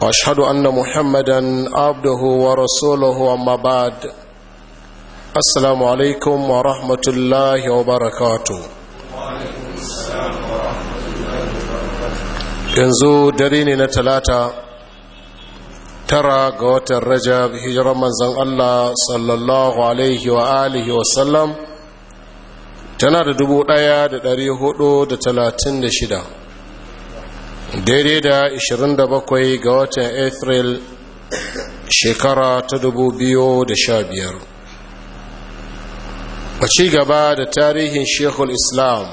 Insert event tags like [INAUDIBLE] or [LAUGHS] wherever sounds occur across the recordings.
واشهد ان محمدا عبده ورسوله اما بعد السلام عليكم ورحمه الله وبركاته yanzu dare ne na talata tara ga watan rajab hijirar manzan allah sallallahu alaihi wa alihi wasallam tana da dubu ɗaya da dari hudu da talatin da shida daidai da 27 ga watan april shekara ta 2015 a ci gaba da tarihin shekul islam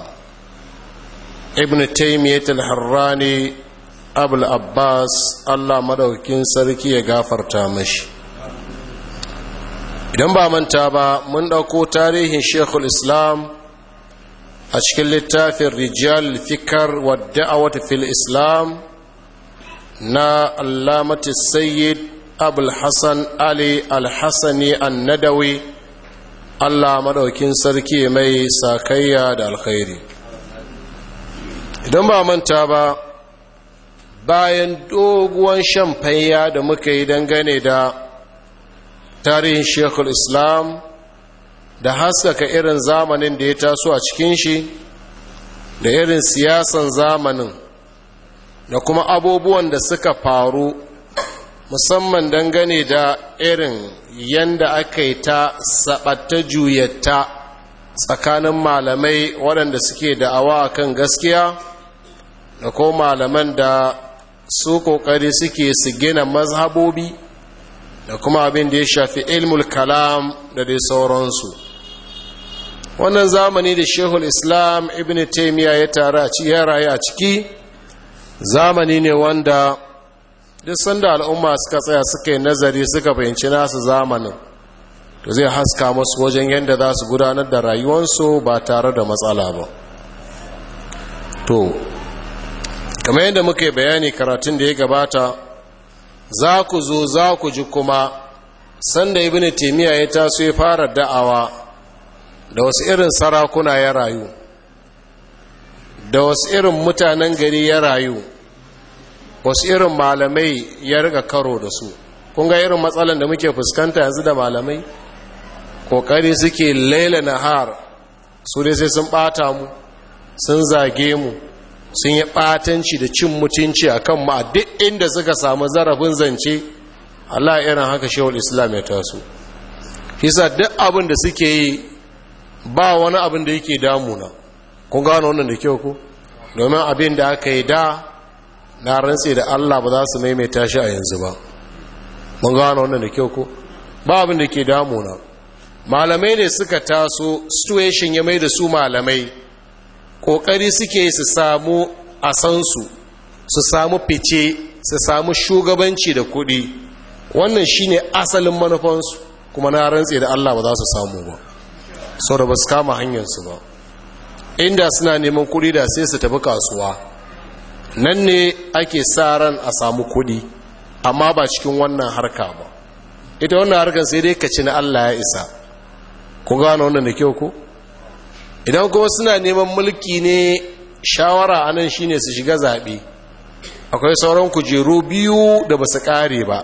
ibn taimiyyat al-harrani abul abbas allah madaukin sarki ya gafarta mashi idan ba manta ba mun ɗauko tarihin shekul islam a cikin littafin rijal fikar wa da'awata fil islam na allamati sayyid abul hassan ali alhassani annadawi allah madaukin sarki mai sakayya da alkhairi idan ba manta ba bayan doguwan shamfayya da muka yi dangane da tarihin shekul islam da haskaka irin zamanin da ya taso a cikin shi da irin siyasan zamanin da kuma abubuwan da suka faru musamman dangane da irin yanda aka yi ta sabatta juyatta tsakanin malamai waɗanda suke da da'awa kan gaskiya da ko malaman da su ƙoƙari suke su gina mazhabobi da kuma abin da ya shafi ilmul kalam da dai sauransu wannan zamani da shehul islam ibn taimiyya ya tara ya rayu a ciki zamani ne wanda duk sanda al'umma suka tsaya suka yi nazari suka fahimci nasu zamanin da zai haska masu wajen yadda za su gudanar da rayuwansu ba tare da matsala ba to kamar yadda muka bayani karatun da ya gabata za ku zo za ku ji kuma sanda ibn taimiyya ya taso ya fara da'awa da wasu irin sarakuna ya rayu da wasu irin mutanen gari ya rayu wasu irin malamai ya riga karo da su kun ga irin matsalan da muke fuskanta yanzu da malamai kokari suke laila nahar su dai sai sun bata mu sun zage mu sun yi batanci da cin mutunci a kan duk inda suka samu zarafin zance Allah irin haka shehul islam ya taso fisa duk abin da suke yi ba wani abin da yake damuna kun gano wannan da kyau ku domin abin da aka yi da na rantse da Allah ba za su maimaita shi a yanzu ba mun gano wannan da kyau ku ba abin da ke damuna malamai ne suka taso situation ya mai da su malamai kokari suke su samu a sansu su samu fice su samu shugabanci da kuɗi wannan shine asalin manufansu kuma na rantse da Allah ba za su samu ba sau da ba su kama hanyarsu ba inda suna neman kudi da sai su tafi kasuwa nan ne ake sa ran a samu kudi amma ba cikin wannan harka ba ita wannan harkar sai dai kaci na allah ya isa ku gano wannan da kyau ko idan kuma suna neman mulki ne shawara anan shine su shiga zaɓe akwai sauran kujeru biyu da ba su ƙare ba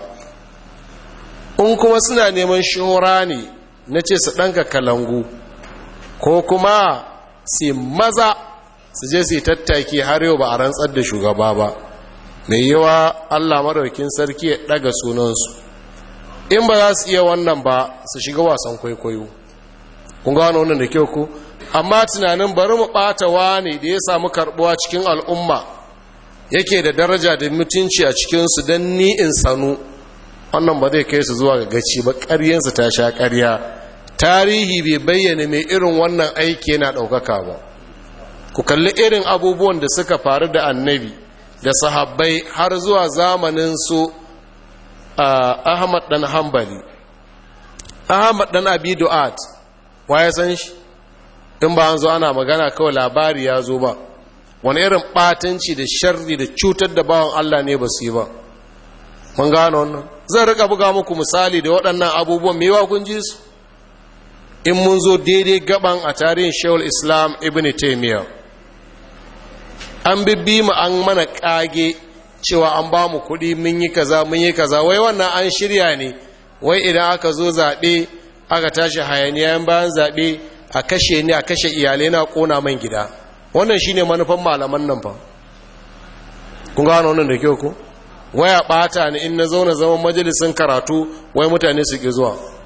in kuma suna neman shora ne na ce su ɗanka kalangu ko kuma su maza su je su tattaki har yau ba a rantsar da shugaba ba mai yawa allah maraukin sarki ya daga sunansu in ba za su iya wannan ba su shiga wasan kwaikwayo kun gano wannan da kyau ku amma tunanin bari mu ɓata ne da ya samu karɓuwa cikin al'umma yake da daraja da mutunci a cikinsu don ni in sanu wannan ba zai kai su zuwa ga gaci ba ƙaryensu ta sha ƙarya tarihi bai bayyana mai irin wannan aiki yana ɗaukaka ba ku kalli irin abubuwan da suka faru da annabi da sahabbai har zuwa zamanin su ahmad dan hambali ahmad dan abi du'at waye san shi in ba an zo ana magana kawai labari ya zo ba wani irin batanci da sharri da cutar da bawan allah ne ba su yi ba mun gano wannan zan rika buga muku misali da waɗannan abubuwan mewa kun ji su in mun zo daidai gaban a tarihin shawul islam ibn taimiyya an bibbi mu an mana kage cewa an ba mu kuɗi mun yi kaza mun yi kaza wai wannan an shirya ne wai idan aka zo zaɓe aka tashi hayaniya bayan zaɓe a kashe ni a kashe iyalai na ƙona man gida wannan shine manufan malaman nan fa kun gano wannan da kyau ko waya ɓata ni in na zauna zaman majalisin karatu wai mutane su ke zuwa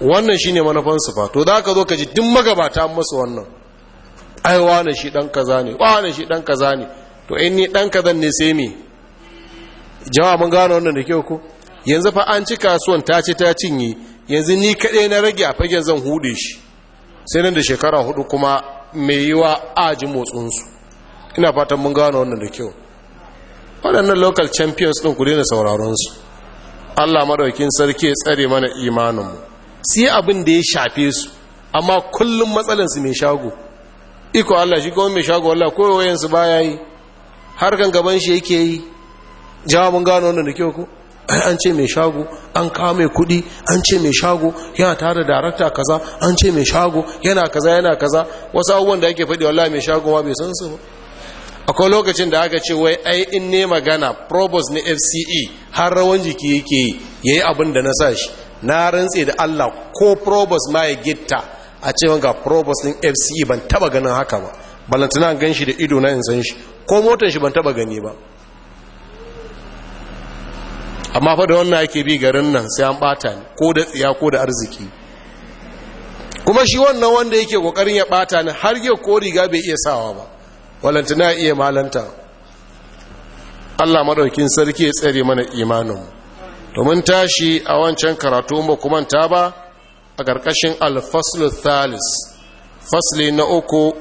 wannan shine manufan su fa to za ka zo ka ji duk magabata masu wannan ai wane shi dan kaza ne wane shi dan kaza ne to in ni dan kazan ne sai me jama'a mun gano wannan da kyau ko yanzu fa an ci kasuwan ta ce ta cinye yanzu ni kaɗai na rage a fagen zan hude shi sai nan da shekara hudu kuma mai yiwa aji motsinsu ina fatan mun gano wannan da kyau waɗannan local champions ɗin ku daina sauraronsu allah maɗaukin sarki ya tsare mana imaninmu su yi abin da ya shafe su amma kullum matsalansu mai shago iko Allah shi kawai mai shago Allah ba baya yi harkan gaban shi yake yi jawabin gano wanda da kyau ko an ce mai shago an kawo mai kudi an ce mai shago yana tare da darakta kaza an ce mai shago yana kaza yana kaza wasu abubuwan da ake faɗi wallahi mai shago ma bai san su ba akwai lokacin da aka ce wai ai in ne magana probos na fce har rawan jiki yake yi ya abin da na sa shi na rantse da Allah ko probos ma ya gitta a cewa ga probos din FC e ban taba ganin haka ba balantana gan shi da ido na san shi ko motar shi ban taba gani ba amma fa da wannan yake bi garin nan sai an bata ni ko da tsiya ko da arziki kuma shi wannan wanda yake kokarin ya bata ni har yau ko riga bai iya sawa ba balantana iya malanta Allah madaukin sarki ya tsare mana imaninmu to mun tashi a wancan karatu mu kuma ta ba a ƙarƙashin alfaslu thalis fasli na uku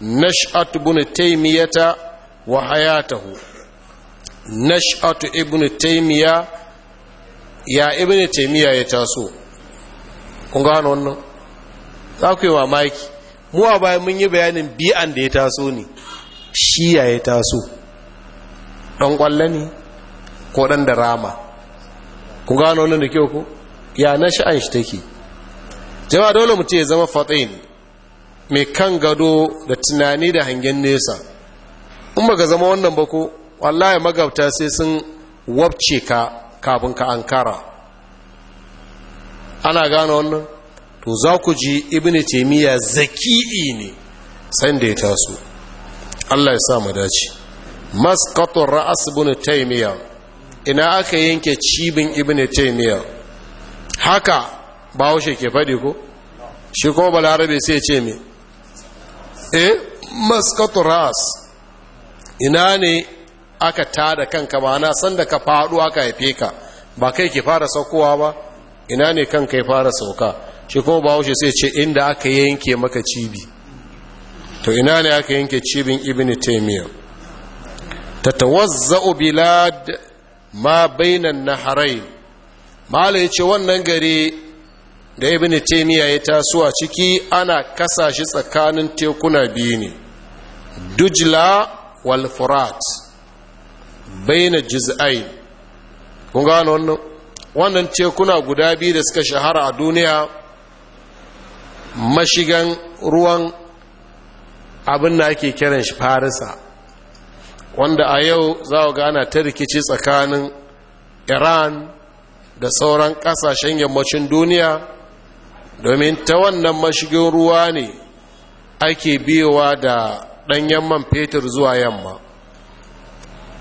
nash'at ibn taymiyata wa hayatahu nash'at ibn taymiya ya ibn taymiya ya taso kun gano wannan za ku yi mamaki mu a bayan mun yi bayanin bi'an da ya taso ne Shi ya taso Dan kwallani ne ko dan da rama ku gano wannan da kyau ku ya na sha'an shi take jama'a dole mutum ya zama fatsayin mai kan gado da tunani da hangen nesa in baka zama wannan ba ko wallahi magabta sai sun wabce ka kafin ka ankara ana gano wannan to za ku ji ibn taimiyya zaki'i ne sanda ya taso allah ya sa mu dace masqatu ra'as ibn taimiyya ina aka yanke cibin ibn taymiya haka bahaushe ke faɗi ko shi kuma balarabe sai ce me eh maskatu ras ina ne aka tada kanka ba na san da ka faɗo aka haife ka ba kai ke fara saukowa ba ina ne kanka ya fara sauka shi kuma bahaushe sai ce inda aka yanke maka cibi to ina ne aka yanke cibin ibn taymiya tatawazza'u bilad ma bainan naharai mala ya ce wannan gari da ibn taimiyya ya taso a ciki ana kasashi tsakanin tekuna biyu ne dujla wal furat baina Jiz'a'i kun gano wannan wannan tekuna guda biyu da suka shahara a duniya mashigan ruwan abin da ake kiran shi farisa wanda a yau za ga ana ta rikici tsakanin iran da sauran kasashen yammacin duniya domin ta wannan mashigin ruwa ne ake biyowa da ɗan yamman fetur zuwa yamma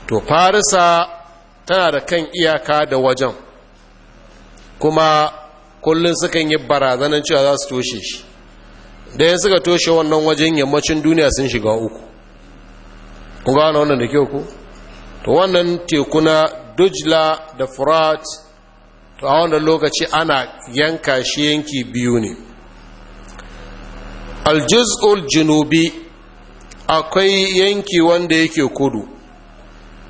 to farisa tana da kan iyaka da wajen kuma kullum sukan yi barazanar cewa za su toshe shi da suka toshe wannan wajen yammacin duniya sun shiga uku ku gane wannan da kyau ku to wannan teku na dujla da furat to a wannan lokaci ana yanka shi yanki biyu ne aljiz'ul junubi akwai yanki wanda yake kudu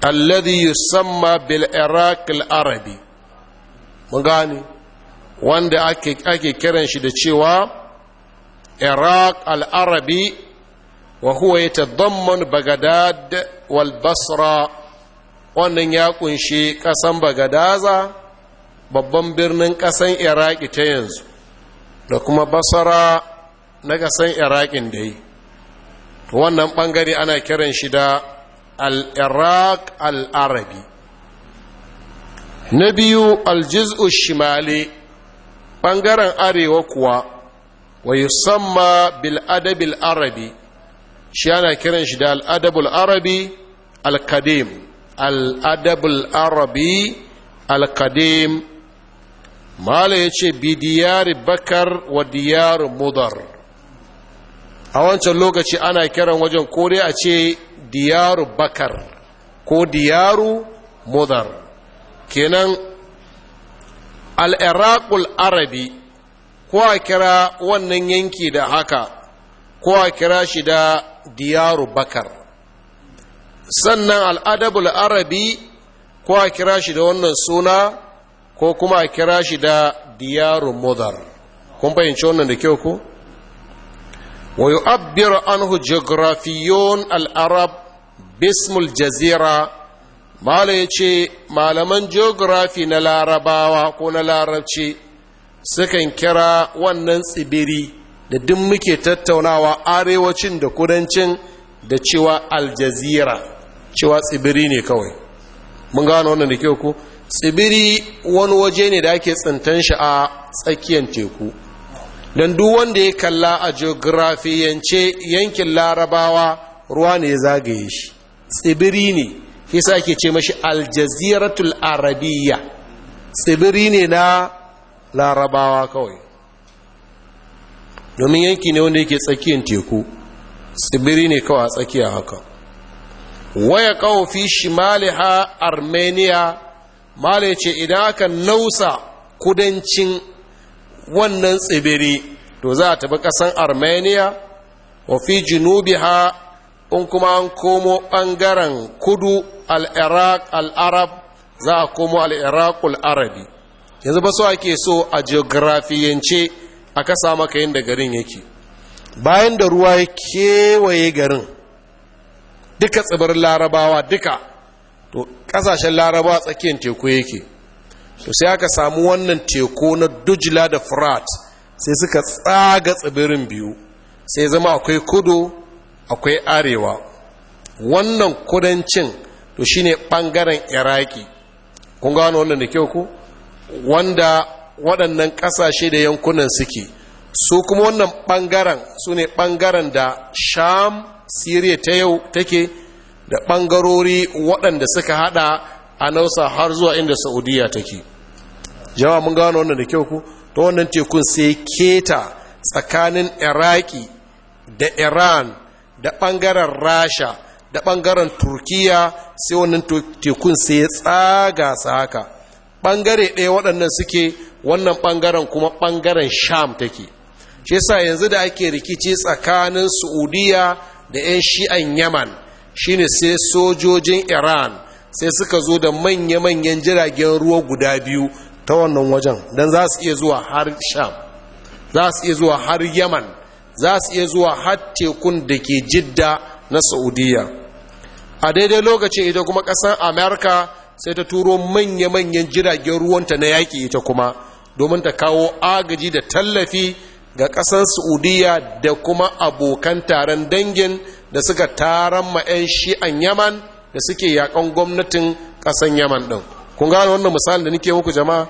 alladhi yusamma bil iraq al arabi mun gane wanda ake ake kiran shi da cewa iraq al arabi wa huwa yatadamman bagadad basra wannan ya kunshi kasan bagadaza babban birnin kasan iraki ta yanzu da kuma basara na kasan irakin da yi wannan ɓangare ana kiran shi da al-iraq al-arabi na biyu aljiz'u shimali ɓangaren arewa kuwa wa yusamma bil arabi shi ana kiran shi da al'adabul arabi al-kadim al'adabul arabi al-kadim mala ya ce bidiyari bakar wa diyar mudar a wancan lokaci ana kiran wajen ko a ce diyaru bakar ko diyaru mudar kenan al'iraƙul arabi ko a kira wannan yanki da haka ko a kira shi da diyaru bakar sannan al'adabul arabi ko a kira shi da wannan suna ko kuma a kira shi da diyaru mudar kun fahimci wannan da kyau ko wa yu'abbiru anhu geografiyon al'arab bismul jazira mala ya ce malaman geography na larabawa ko na larabci sukan kira wannan tsibiri da duk muke tattaunawa arewacin da kudancin da cewa aljazira cewa tsibiri ne kawai mun gano wannan da kyau ku tsibiri wani waje ne da ake tsintan shi a tsakiyar teku don duk wanda ya kalla a geografiyance yankin larabawa ruwa ne ya zagaye shi tsibiri ne sa ke ce mashi aljaziratul arabiya tsibiri ne na larabawa kawai domin yanki ne wanda yake tsakiyar teku tsibiri ne kawai a tsakiya haka waya kawo fi shimaliha armenia Mali ce idan aka nausa kudancin wannan tsibiri to za a tafi kasan armenia wa fi ha in kuma an komo ɓangaren kudu al-iraq al-arab za a komo al-iraq arabi yanzu ba so ake so a geografiyance a kasa maka yadda garin yake bayan da ruwa ya kewaye garin duka tsibirin larabawa duka to kasashen larabawa tsakiyar teku yake to sai aka samu wannan teku na dujila da frat sai suka tsaga tsibirin biyu sai zama akwai kudu akwai arewa wannan kudancin to shine bangaren iraki kun gano wannan da kyau ku wanda waɗannan ƙasashe da yankunan suke su kuma wannan ɓangaren su ne ɓangaren da sham siriya ta yau take da ɓangarori waɗanda suka hada a nausa har zuwa inda saudiya take jama mun gano wannan da kyau ku ta wannan tekun sai keta tsakanin iraki da iran da ɓangaren rasha da ɓangaren turkiya sai wannan tekun sai ya tsaga sa haka ɓangare ɗaya waɗannan suke wannan ɓangaren kuma ɓangaren sham take shi sa yanzu da ake rikici tsakanin saudiya da 'yan shi'an yaman shine sai sojojin iran sai suka zo da manya-manyan jiragen ruwa guda biyu ta wannan wajen don za su iya zuwa har sham za su iya zuwa har yaman za su iya zuwa har tekun da ke jidda na saudiya a daidai lokaci, ita kuma ƙasar amerika sai ta turo manya-manyan jiragen ruwanta na yaƙi ita kuma domin ta kawo agaji da tallafi ga ƙasar saudiya da kuma abokan taron dangin da suka taron ma 'yan shi'an yaman da suke yakan gwamnatin ƙasan yaman ɗin kun gano wannan misali da nike muku jama'a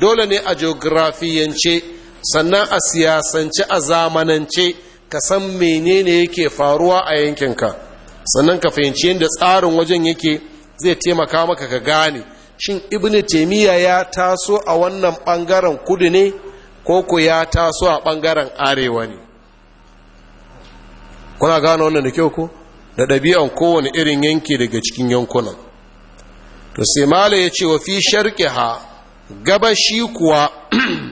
dole ne a geografiyance sannan a siyasance a zamanance ka san menene yake faruwa a yankinka sannan ka fahimci yadda tsarin wajen yake zai taimaka maka ka gane shin ibn taimiyya ya taso a wannan ɓangaren kudu ne ko ku ya taso a ɓangaren arewa ne kuna gano wannan da kyau ko da ɗabi'an kowane irin yanki daga cikin yankunan to sai mala ya ce wa fi gaba gabashi kuwa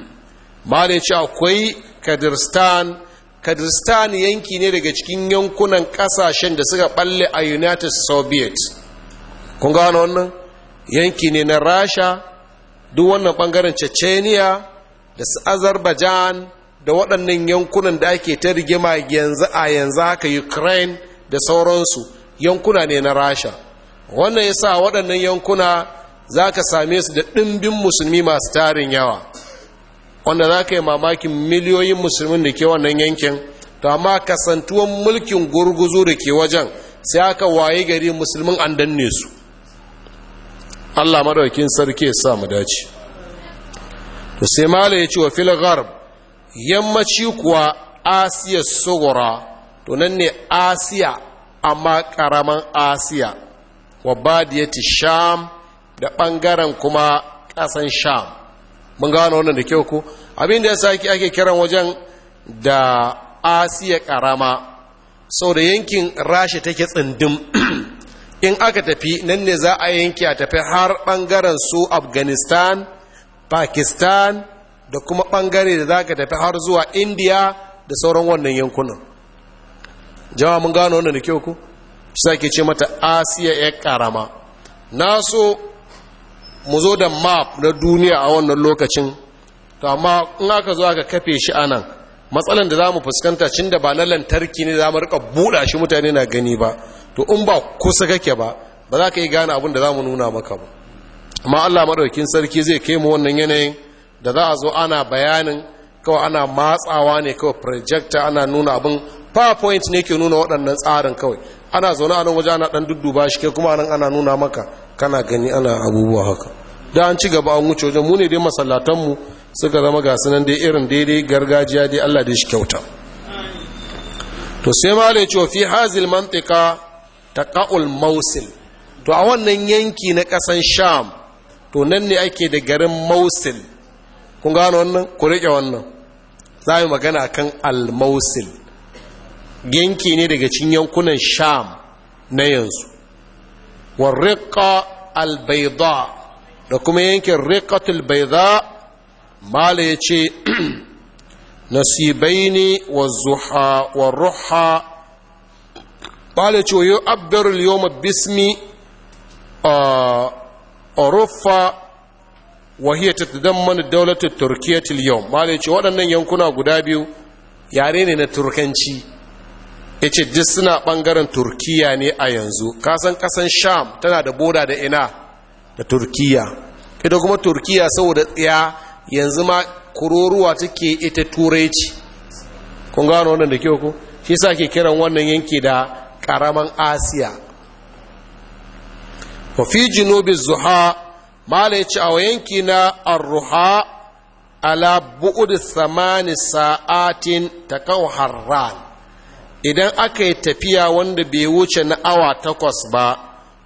[CLEARS THROAT] mala ya ce akwai kadirstan kadirstan yanki ne daga cikin yankunan ƙasashen da suka ɓalle a united soviet kun gano wannan yanki ne na rasha duk wannan bangaren chechenia da su azerbaijan da waɗannan yankunan da ake ta rigima yanzu a yanzu haka ukraine da sauransu yankuna ne na rasha wannan yasa waɗannan yankuna za ka same su da ɗimbin musulmi masu tarin yawa wanda za ka yi mamakin miliyoyin musulmin da ke wannan yankin to amma kasantuwan mulkin gurguzu da ke wajen sai aka waye gari musulmin an danne su Allah madaukin sarki ya sa mu dace to sai mala ya ce wa fil gharb yammaci kuwa asiya sugura to nan ne asiya amma karaman asiya wa badiyati sham da bangaren kuma ƙasan sham mun gano wannan da kyau ko abin da yasa ake kiran wajen da asiya karama sau da yankin rasha take tsindin in aka tafi nan ne za a yanki a tafi har ɓangaren su afghanistan pakistan da kuma ɓangare da za ka tafi har zuwa India da sauran wannan yankunan jama'a mun gano wannan da kyau ku shi ke ce mata asiya ya karama na so mu zo da map na duniya a wannan lokacin to amma in aka zo aka kafe shi anan matsalan da za mu fuskanta cinda ba na lantarki ne za mu rika buɗa shi mutane na gani ba to in ba kusa kake ba ba za ka yi gane abin da za mu nuna maka ba amma allah maɗaukin sarki zai kai mu wannan yanayin da za a zo ana bayanin kawai ana matsawa ne kawai projector ana nuna abin powerpoint ne ke nuna waɗannan tsarin kawai ana zaune a nan waje ana ɗan dudduba shi ke kuma nan ana nuna maka kana gani ana abubuwa haka da an ci gaba an wuce wajen mu ne dai masallatanmu suka zama ga sunan dai irin daidai gargajiya dai allah dai shi kyauta to sai ma da ya ce fi hazil mantika taqa'ul mausil to a wannan yanki na ƙasan sham to nan ne ake da garin mausil kun gano wannan ku riƙe wannan za mu magana kan al-mausil yanki ne daga cikin yankunan sham na yanzu warriƙa al-baida da kuma yankin riƙatul baida mala ya ce [CLEARS THROAT] nasibai ne wa ruha قال يعبر اليوم باسم أوروبا وهي تتضمن الدولة التركية اليوم قال ليش ودنا ينكونا غدابيو yare ne na turkanci ya duk suna ɓangaren turkiya ne a yanzu kasan kasan sham tana da boda da ina da turkiya ita kuma turkiya saboda tsaya yanzu ma kururuwa take ita turai ce kun gano wannan da kyau ko shi sa ke kiran wannan yanki da Ƙaraman asiya wafi jinubi zuha mala ya ce a yanki na arruha ala bu'udu samani sa'atin ta kawo harran idan aka yi tafiya wanda bai wuce na awa takwas ba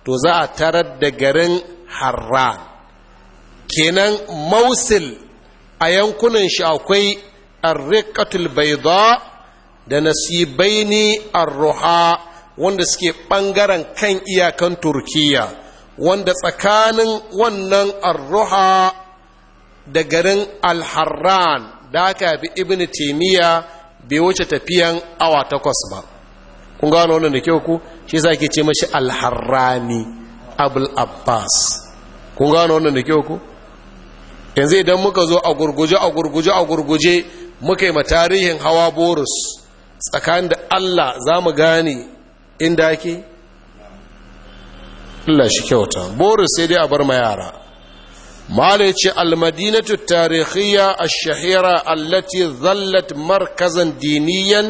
to za a tarar da garin harran kenan mausil a yankunan shi akwai arrikatul baida da nasibaini arruha wanda suke ɓangaren kan iyakan turkiya wanda tsakanin wannan arruha da garin alharran da aka bi ibn taimiyya bai wuce tafiyan awa takwas ba kun gano wannan da kyau ku shi sa ke ce mashi alharrani abul abbas kun gano wannan da kyau ku yanzu idan muka zo a gurguje a gurguje a gurguje muka yi ma tarihin hawa borus tsakanin da allah za mu gane inda ake Allah shi kyauta boris sai dai a bar ma yara mala ce almadinatu tarihiyya a shahira allati zallat markazan diniyan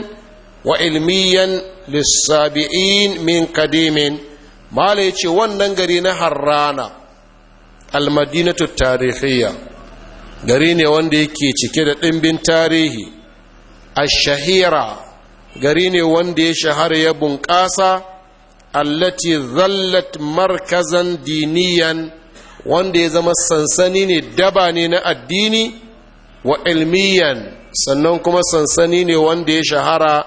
wa ilmiyan lissabi'in min kadimin mala ce wannan gari na harrana almadinatu tarihiyya gari ne wanda yake cike da ɗimbin tarihi a shahira gari ne wanda ya shahara ya bunƙasa allati zallat markazan diniyan wanda ya zama sansani ne daba ne na addini wa ilmiyan sannan kuma sansani ne wanda ya shahara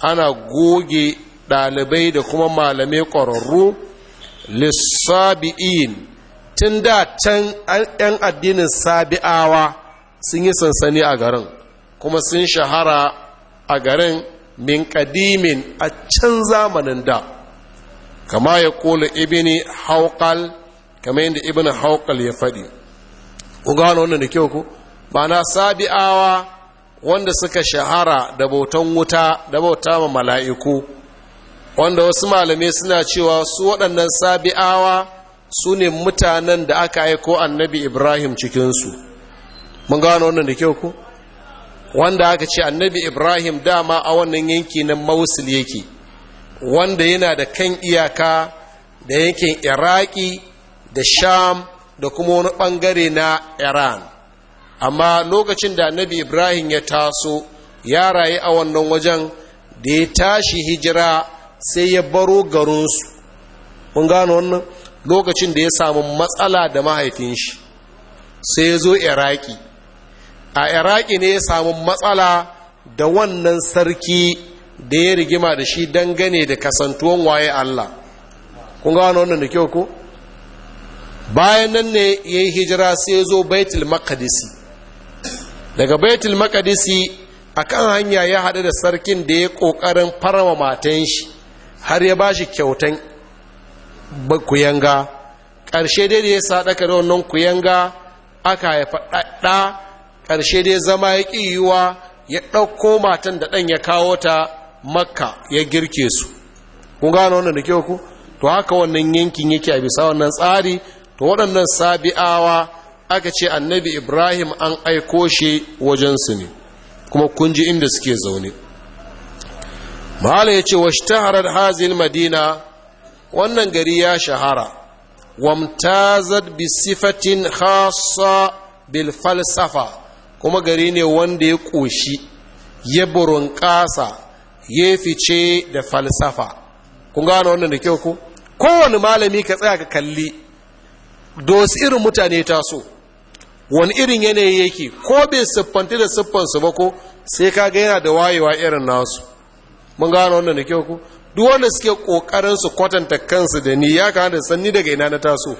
ana goge ɗalibai da kuma malamai ƙwararru lissabi'in tun da can 'yan addinin sabi'awa sun yi sansani a garin kuma sun shahara a garin min ƙadimin a can zamanin da kama ya kola ibini haukal kama yadda ibini haukal ya faɗi ku gano wannan da kyau ku ma'ana sabi'awa wanda suka shahara da bautan wuta da bauta ma mala'iku wanda wasu malamai suna cewa su waɗannan sabi'awa su ne mutanen da aka aiko annabi ibrahim cikinsu mun gano wannan da kyau ku wanda aka ce annabi ibrahim dama a wannan yanki na mausul yake wanda yana da kan iyaka da yankin iraki da sham da kuma wani bangare na iran amma lokacin da annabi ibrahim ya taso ya rayu a wannan wajen da ya tashi hijira sai ya baro garinsu kun gano wannan lokacin da ya samu matsala da mahaifin shi sai ya zo iraki a iraki ne ya samu matsala da wannan sarki da ya rigima da shi dangane da kasantuwan waye Allah kun ga wannan da kyau ko bayan nan ne ya yi hijira sai ya zo baitul makadisi daga baitul makadisi a kan hanya ya haɗu da sarkin da ya ƙoƙarin farama matan shi har ya ba shi kyautan kuyanga ƙarshe dai da ya saɗaka da wannan kuyanga aka haifa ɗaɗɗa ƙarshe dai zama ya ƙi yiwuwa ya ɗauko matan da ɗan ya kawo ta makka ya girke su kun gano wannan da ke ku to haka wannan yankin yake a bisa wannan tsari to waɗannan sabi'awa aka ce annabi ibrahim an aiko shi wajensu ne kuma kunji inda suke zaune mahala ya ce hazil madina wannan gari ya shahara wamtazad bi sifatin khasa bil falsafa kuma gari ne wanda ya ƙoshi ya burin ƙasa ya fice da falsafa kun gano wannan da kyau ko kowane malami ka tsaya ka kalli dosu irin mutane taso wani irin yanayi yake ko bai siffanti da siffansu ba ko sai ka ga yana da wayewa irin nasu mun gano wannan da kyau ko duk wanda suke kokarin kwatanta kansu da ni ya kamata san ni daga ina na taso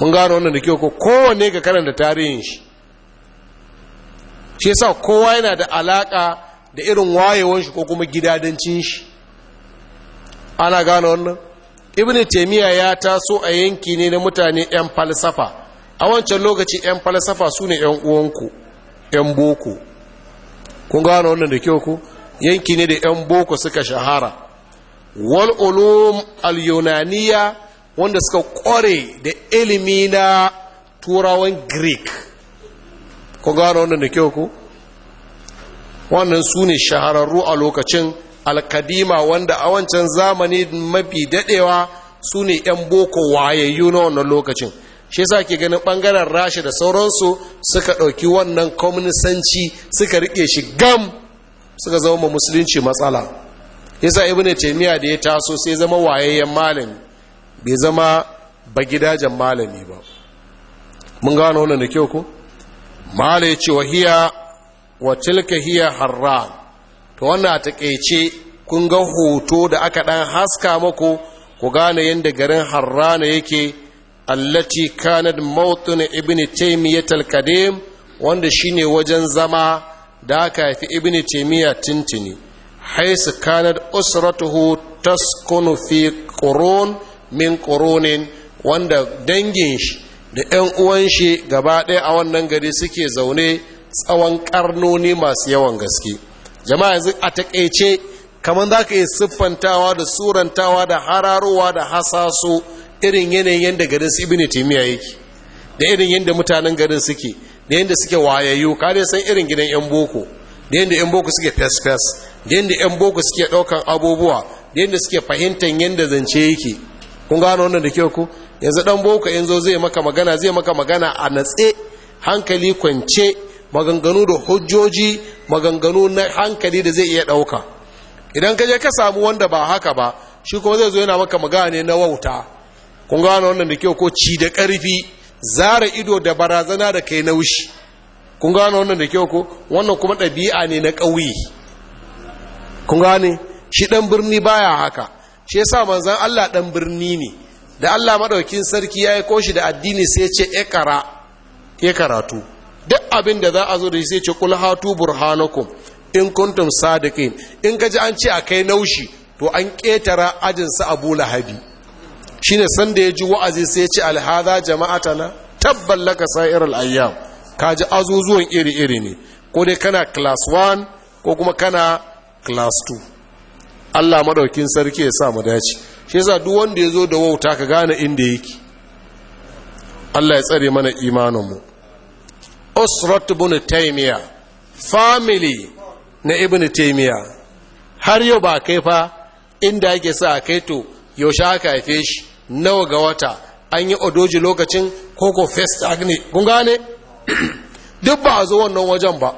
mun gano wannan da kyau ko kowane ka karanta tarihin shi shi yasa kowa yana da alaka da irin wayewan shi ko kuma gidadancin shi ana gane wannan ibn taymiya ya taso a yanki ne na mutane yan falsafa a wancan lokaci yan falsafa su ne yan uwanku yan boko kun gane wannan da kyau ku yanki ne da yan boko suka shahara wal ulum al yunaniya wanda suka kware da ilimi na turawan greek ko gano wannan da kyau ko wannan su ne shahararru a lokacin alkadima wanda a wancan zamani mafi dadewa su ne 'yan boko wayayyu na wannan lokacin shi sa ke ganin bangaren rashi da sauransu suka ɗauki wannan kwamnisanci suka riƙe shi gam suka zama musulunci matsala yasa ibn taimiyya da ya taso sai zama wayayyen malami bai zama bagidajen malami ba mun gano wannan da kyau ko mala ya ce wa hiya wa tilka hiya harran to wannan a taƙaice kun ga hoto da aka ɗan haska muku ku gane yadda garin harrana yake allati kanad mautun ibn taymiyyah al-kadim wanda shine wajen zama da aka haifi ibn taymiyyah tintini haisu kanad usratuhu taskunu fi qurun min qurunin wanda dangin shi da 'yan uwan shi gaba ɗaya a wannan gari suke zaune tsawon ƙarnoni masu yawan gaske jama'a yanzu a taƙaice kamar za ka iya siffantawa da surantawa da hararowa da hasaso irin yanayin yadda garin su ibini timiya yake da irin yadda mutanen garin suke da yadda suke wayayyu ka san irin gidan 'yan boko da yadda 'yan boko suke fes-fes da yadda 'yan boko suke ɗaukan abubuwa da yadda suke fahimtar yadda zance yake kun gano wannan da kyau ku yanzu dan boko yanzu zai maka magana zai maka magana a natse hankali kwance maganganu da hujjoji maganganu na hankali da zai iya ɗauka idan ka je ka samu wanda ba haka ba shi kuma zai zo yana maka magana ne na wauta kun gano wannan da kyau ko ci da karfi zara ido da barazana da kai naushi kun gano wannan da kyau ko wannan kuma ɗabi'a ne na ƙauye kun gane shi ɗan birni baya haka shi yasa manzon Allah ɗan birni ne da Allah maɗaukin sarki ya yi koshi da addini sai ce ikra ya karatu duk abin da za a zo da shi sai ce kul hatu burhanakum in kuntum sadiqin in kaji an ce kai naushi to an ketara ajin sa Abu Lahabi shine san da ya ji wa'azi sai ya ce alhadha jama'atana tabbal laka sa'iral ayyam kaji azuzuwan iri iri ne ko dai kana class 1 ko kuma kana class 2 Allah madaukin sarki ya sa mu dace shi yasa duk wanda yazo da wauta ka gane inda yake Allah ya tsare mana imanin mu usrat ibn taymiya family na ibn taymiya har yau ba kai fa inda yake sa kai to yaushe aka haife shi nawa ga wata an yi odoji lokacin koko first agni kun gane [CLEARS THROAT] duk ba a zo wannan wajen ba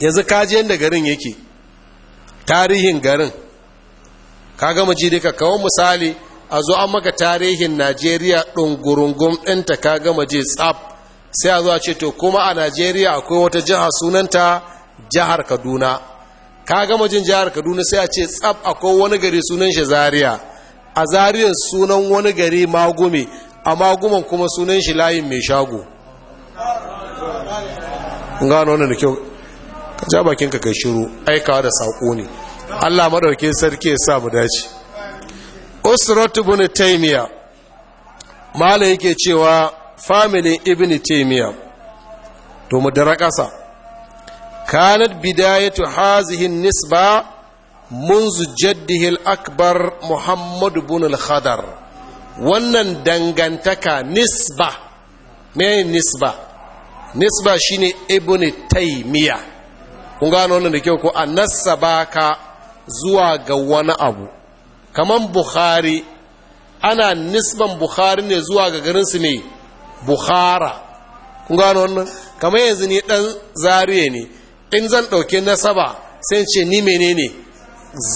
yanzu kaji yadda garin yake tarihin garin ka gama ji duka kawo misali a zo an maka tarihin najeriya ɗungurungun ɗinta ka gama ji tsab sai a zo a ce to kuma a najeriya akwai wata jiha sunanta jihar kaduna ka gama jin jihar kaduna sai a ce tsab akwai wani gari sunan shi zaria a zariyar sunan wani gari magume a maguman kuma sunan shi layin mai shago gano wannan da kyau ka ja bakinka kai shiru aikawa da saƙo ne Allah madaukin sarki ya sa mu dace usratu ibn taymiya mala yake cewa family ibn taimiya. to mu dara kanat bidayatu hazihi nisba munzu منذ akbar Muhammadu محمد al-Khadar. wannan dangantaka nisba me nisba nisba shine ibn taimiya. kun gano wannan da kyau ko annasaba ka zuwa ga wani abu kaman bukhari ana nisban bukhari ne zuwa ga garinsu ne bukhara kun gano wannan kamar yanzu ni dan zariye ne in zan ɗauke nasaba sai ce ni menene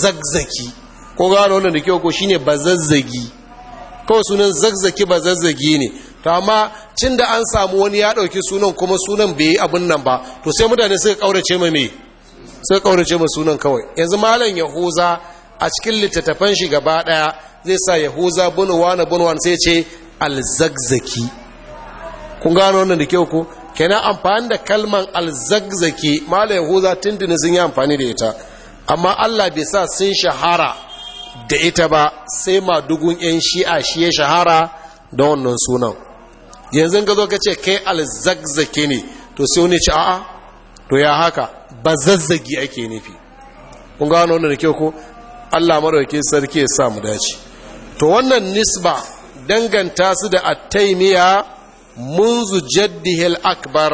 zagzaki ko gano wannan da kyau ko shine bazazzagi kawai sunan zagzaki bazazzagi ne to amma cin da an samu wani ya ɗauki sunan kuma sunan bai yi abin nan ba to sai mutane suka ƙaurace mai mai sai kaurace ba sunan kawai yanzu malam yahuza a cikin littattafan shi gaba daya zai sa yahuza bunuwa na bin sai ce alzagzaki kun gano wannan da kyau ko kenan amfani da kalman alzagzaki malam yahuza tuntuni sun yi amfani da ita amma Allah bai sa sun shahara da ita ba sai madugun 'yan shi'a shi ya shahara da wannan sunan yanzu ka zo ka ce kai alzagzaki ne to sai wani ce a'a to ya haka ba zazzagi ake nufi kun gano wanda da ke ko allah marauke sarki ya sa mu dace to wannan nisba danganta su da attaimiya munzu jaddihil akbar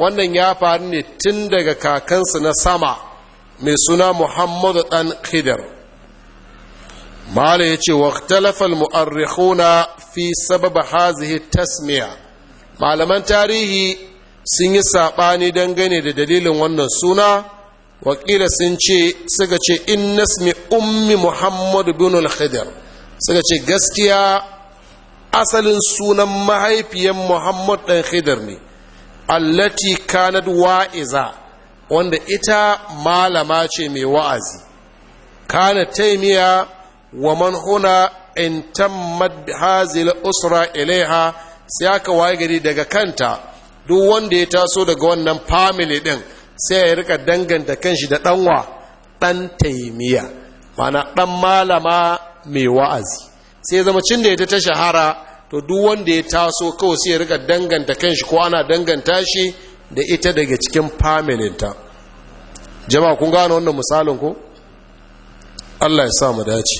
wannan ya faru ne tun daga kakansu na sama mai suna muhammadu dan khidar mala ya ce waktalafal mu'arrikhuna fi sababa hazihi tasmiya malaman tarihi sun yi saɓani dangane da dalilin wannan suna wakila sun ce suka ce in nasmi ummi muhammadu bin al-khidr suka ce gaskiya asalin sunan mahaifiyar muhammad dan khidr ne allati kanad wa'iza wanda ita malama ce mai wa'azi kana taimiya wa man huna in tammad hazil usra ilaiha sai aka waye gari daga kanta duk wanda ya taso daga wannan family din sai ya rika danganta kanshi da danwa dan taimiya mana dan malama mai wa'azi sai zama cin da ya ta shahara to duk wanda ya taso kawai sai ya rika danganta kanshi ko ana danganta shi da ita daga cikin family ta. jama'a kun gano wannan misalin ko Allah ya sa mu dace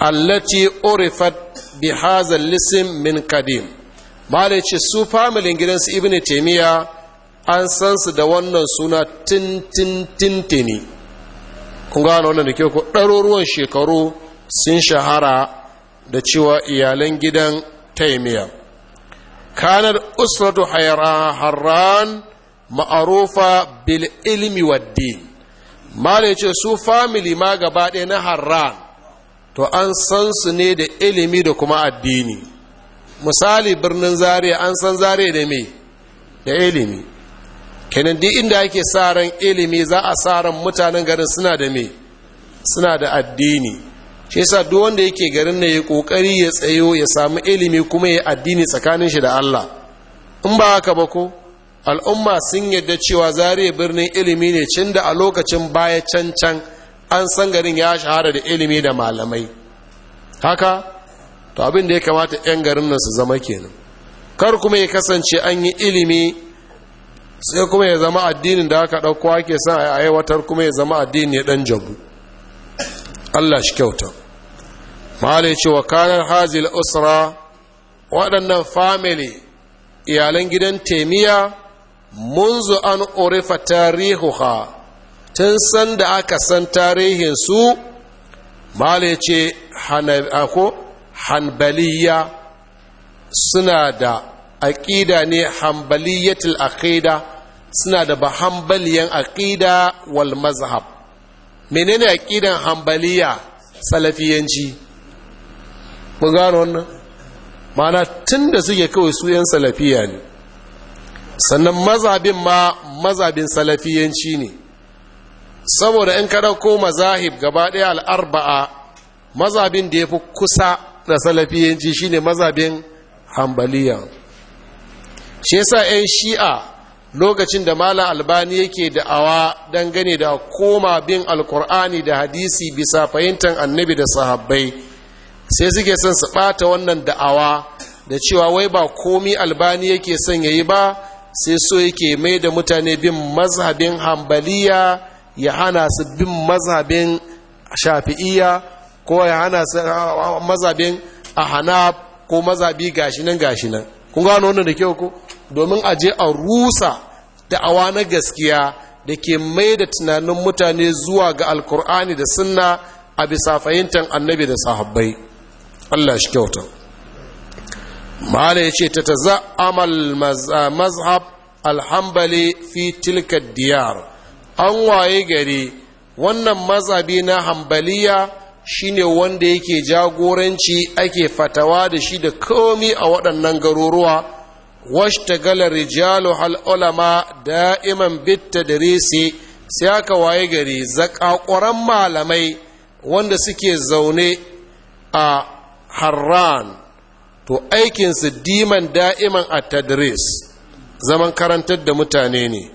allati urifat bi hazal min kadim da ce su familin gidansu ibn taimiyya an san su da wannan suna tintintintini kun gano wannan da ke ku ɗaruruwan shekaru sun shahara da cewa iyalan gidan taimiyya kanar usratu harran ma'arufa bil ilmi waddin ma da ce su famili ma gaba ɗaya na harran to an san su ne da ilimi da kuma addini misali birnin zariya an san zariya da me da ilimi kenan duk inda ake sa ran ilimi za a sa ran mutanen garin suna da me suna da addini shi yasa duk wanda yake garin ne ya kokari ya tsayo ya samu ilimi kuma ya addini tsakanin shi da Allah in ba haka ba ko al'umma sun yadda cewa zariya birnin ilimi ne cin da a lokacin baya can can an san garin ya shahara da ilimi da malamai haka to abin da ya kamata 'yan garin nan su zama kenan kar kuma ya kasance an yi ilimi sai kuma ya zama addinin da aka ɗauko ake sa a aiwatar kuma ya zama addini ya ɗan jabu allah shi kyauta mahalai ce wa kanar hazil usra waɗannan family iyalan gidan mun munzu an orifa tarihuha tun sanda aka san tarihinsu mahalai ce ako hanbaliya suna da aƙida ne hanbaliyatul aqida suna da ba hanbaliyan aqida wal mazhab menene aƙidan hanbaliya salafiyanci mun gano wannan mana tun da suke kawai su 'yan salafiya ne sannan mazhabin ma mazhabin salafiyanci ne saboda in ka ɗauko mazahib gaba ɗaya al'arba'a mazhabin da ya fi kusa na salafiyanci shine mazabin hambaliya shi yasa 'yan shi'a lokacin da mala albani yake da'awa dangane da koma bin alkur'ani da hadisi bisa fahimtar annabi da sahabbai sai suke son su ɓata wannan da'awa da cewa wai ba komi albani yake son yayi ba sai so yake mai da mutane bin mazhabin hambaliya ya hana su bin mazhabin shafi'iyya ko ya hana mazabin a hana ko mazabi gashinan gashinan kun gano wannan da kyau ko domin a je a rusa da'awa na gaskiya da ke mai da tunanin mutane zuwa ga alkur'ani da sunna a bisa fahimtar annabi da sahabbai allah shi kyauta mala ya ce ta ta amal mazhab alhambali fi tilka diyar an waye gari wannan mazhabi na hambaliya shine wanda yake jagoranci ake fatawa da shi da komi a waɗannan garuruwa washtagala rijalu hal ulama da'iman bitta da resi sai aka waye gari zakakuran malamai wanda suke zaune a harran to aikinsu diman da'iman a tadris zaman karantar da mutane ne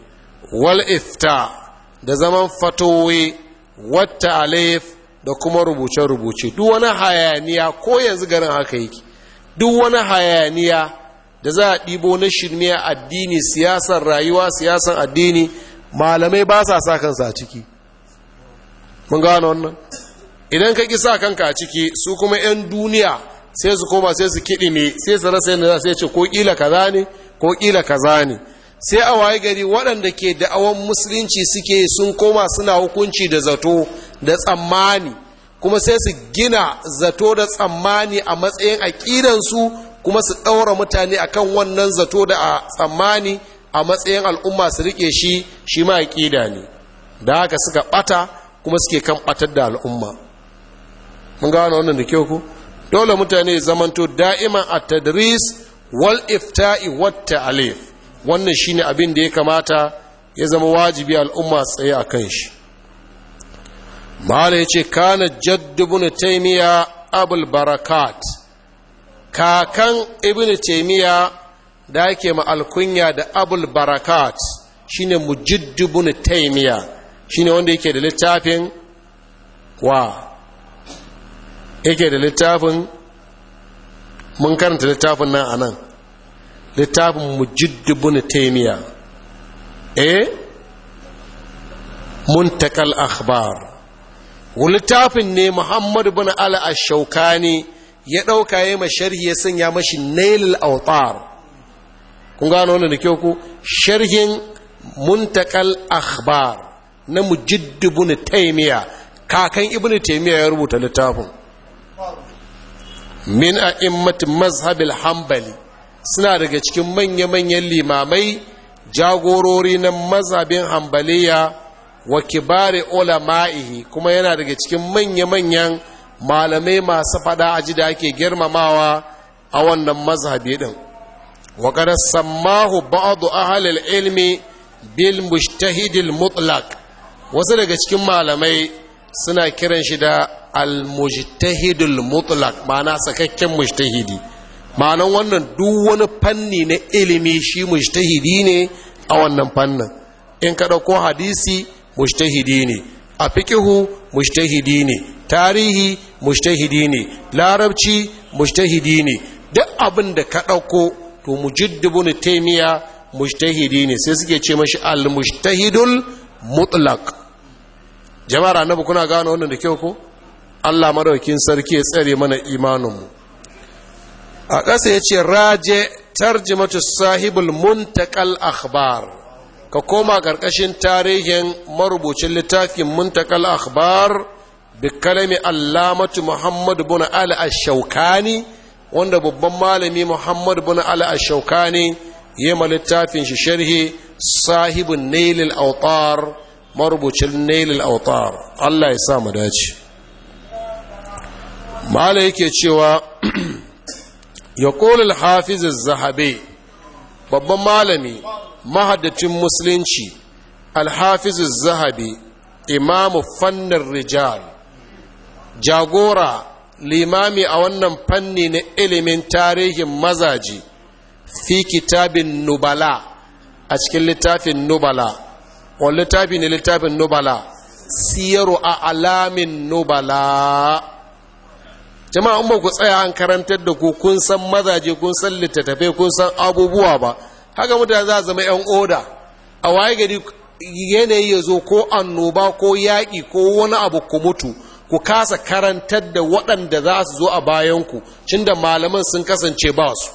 wal ifta da zaman fatowe wata alif da kuma rubuce-rubuce duk wani hayaniya ko yanzu garin haka yake duk wani hayaniya da za a ɗibo na shirme addini siyasar rayuwa siyasar addini malamai ba sa sa kansa ciki mun gano wannan idan ka ƙi sa kanka ciki su kuma 'yan duniya sai su koma sai su kiɗi ne sai su rasa yadda za su ce ko ƙila kaza ne ko ƙila kaza ne sai a waye gari waɗanda ke da'awan musulunci suke sun koma suna hukunci da zato da tsammani kuma sai su gina zato da tsammani a matsayin aƙidansu kuma su ɗaura mutane akan wannan zato da a tsammani a matsayin al'umma su riƙe shi shi ma aƙida ne da haka suka ɓata kuma suke kan ɓatar da al'umma mun gano wannan da kyau ku dole mutane zamanto da'iman a tadris wal ifta'i wat ta'alif wannan shine abin da ya kamata ya zama wajibi al'umma tsaye a kan shi mahala ya ce kana na taimiya abul barakat kakan ibn taimiya da ake ma alkunya da abul barakat shine na taimiya Shi ne wanda yake da littafin wa yake da littafin mun karanta littafin nan a nan littafin mujiddu bin taimiya eh muntakal akhbar littafin ne muhammad bin ala ashaukani ya ɗauka ya ma sharhi ya sanya mashi nailul autar kun gano wannan da kyau ku sharhin muntakal akhbar na mujiddu bin taimiya kakan ibn taimiya ya rubuta littafin min a'immat mazhabil hambali suna daga cikin manya-manyan limamai jagorori na mazabin hambaliya wa kibari Ma'ihi kuma yana daga cikin manya-manyan malamai masu fada aji da ake girmamawa a wannan mazhabi din wa kada sammahu ba'adu ahalil ilmi bil mujtahidil mutlak wasu daga cikin malamai suna kiran shi da al mujtahidul mutlak ma'ana sakakken mujtahidi ma'anan wannan duk wani fanni na ilimi shi mujtahidi ne a wannan fannin in ka ɗauko hadisi mujtahidi ne a fikihu mujtahidi ne tarihi mujtahidi ne larabci mujtahidi ne duk abin da ka ɗauko to ne taimiya mujtahidi ne sai suke ce mashi al-mujtahidul mutlaq jama'ar annabi kuna gano wannan da kyau ko Allah madaukin sarki ya tsare mana imanin mu a ƙasa ya ce raje tarjimatu sahibul muntakal akhbar ka koma ƙarƙashin tarihin marubucin littafin muntakal akhbar da kalami allamatu muhammad bin ala ashaukani wanda babban malami muhammad bin ala ashaukani ya ma littafin shi sharhi sahibun nailil autar marubucin nailil autar allah ya sa mu dace mala yake cewa ya ƙolil hafizin babban malami mahaddacin musulunci alhafizin Zahabi, imamu fannin rijal jagora limami a wannan fanni na ilimin tarihin mazaji fi kitabin Bala a cikin littafin nubala wani littafi ne littafin nubala siyaru a alamin nubala jama'a in ba ku tsaya an karantar da ku kun san mazaje kun san littattafai kun san abubuwa ba haka mutane za a zama yan oda a waye gari yanayi ya zo ko annoba ko yaƙi ko wani abu ku mutu ku kasa karantar da waɗanda za su zo a bayanku cin da malaman sun kasance ba su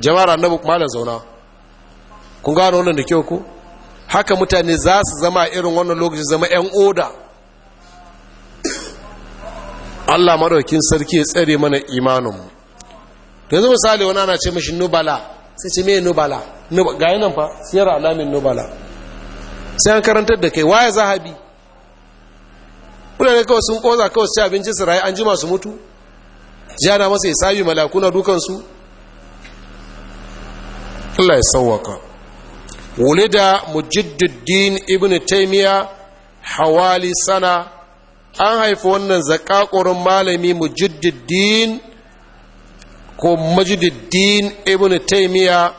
jama'ar annabi malam zauna kun gano wannan da kyau ko haka mutane za su zama irin wannan lokacin zama yan oda Allah maraukin sarki ya tsare mana imaninmu da yanzu misali wani ana ce mashi nubala sai ce mai nubala ga yi nan fa siyar alamin nubala sai an karantar da kai waye zahabi kudane kawai sun koza kawai su ci abincin su rayu an jima su mutu jana masa ya sabi malakuna dukansu Allah ya sauwaka wulida mujiddin ibn taimiyya hawali sana an haifi wannan zakakurin malami mujiddin ko majiddin ibn taimiya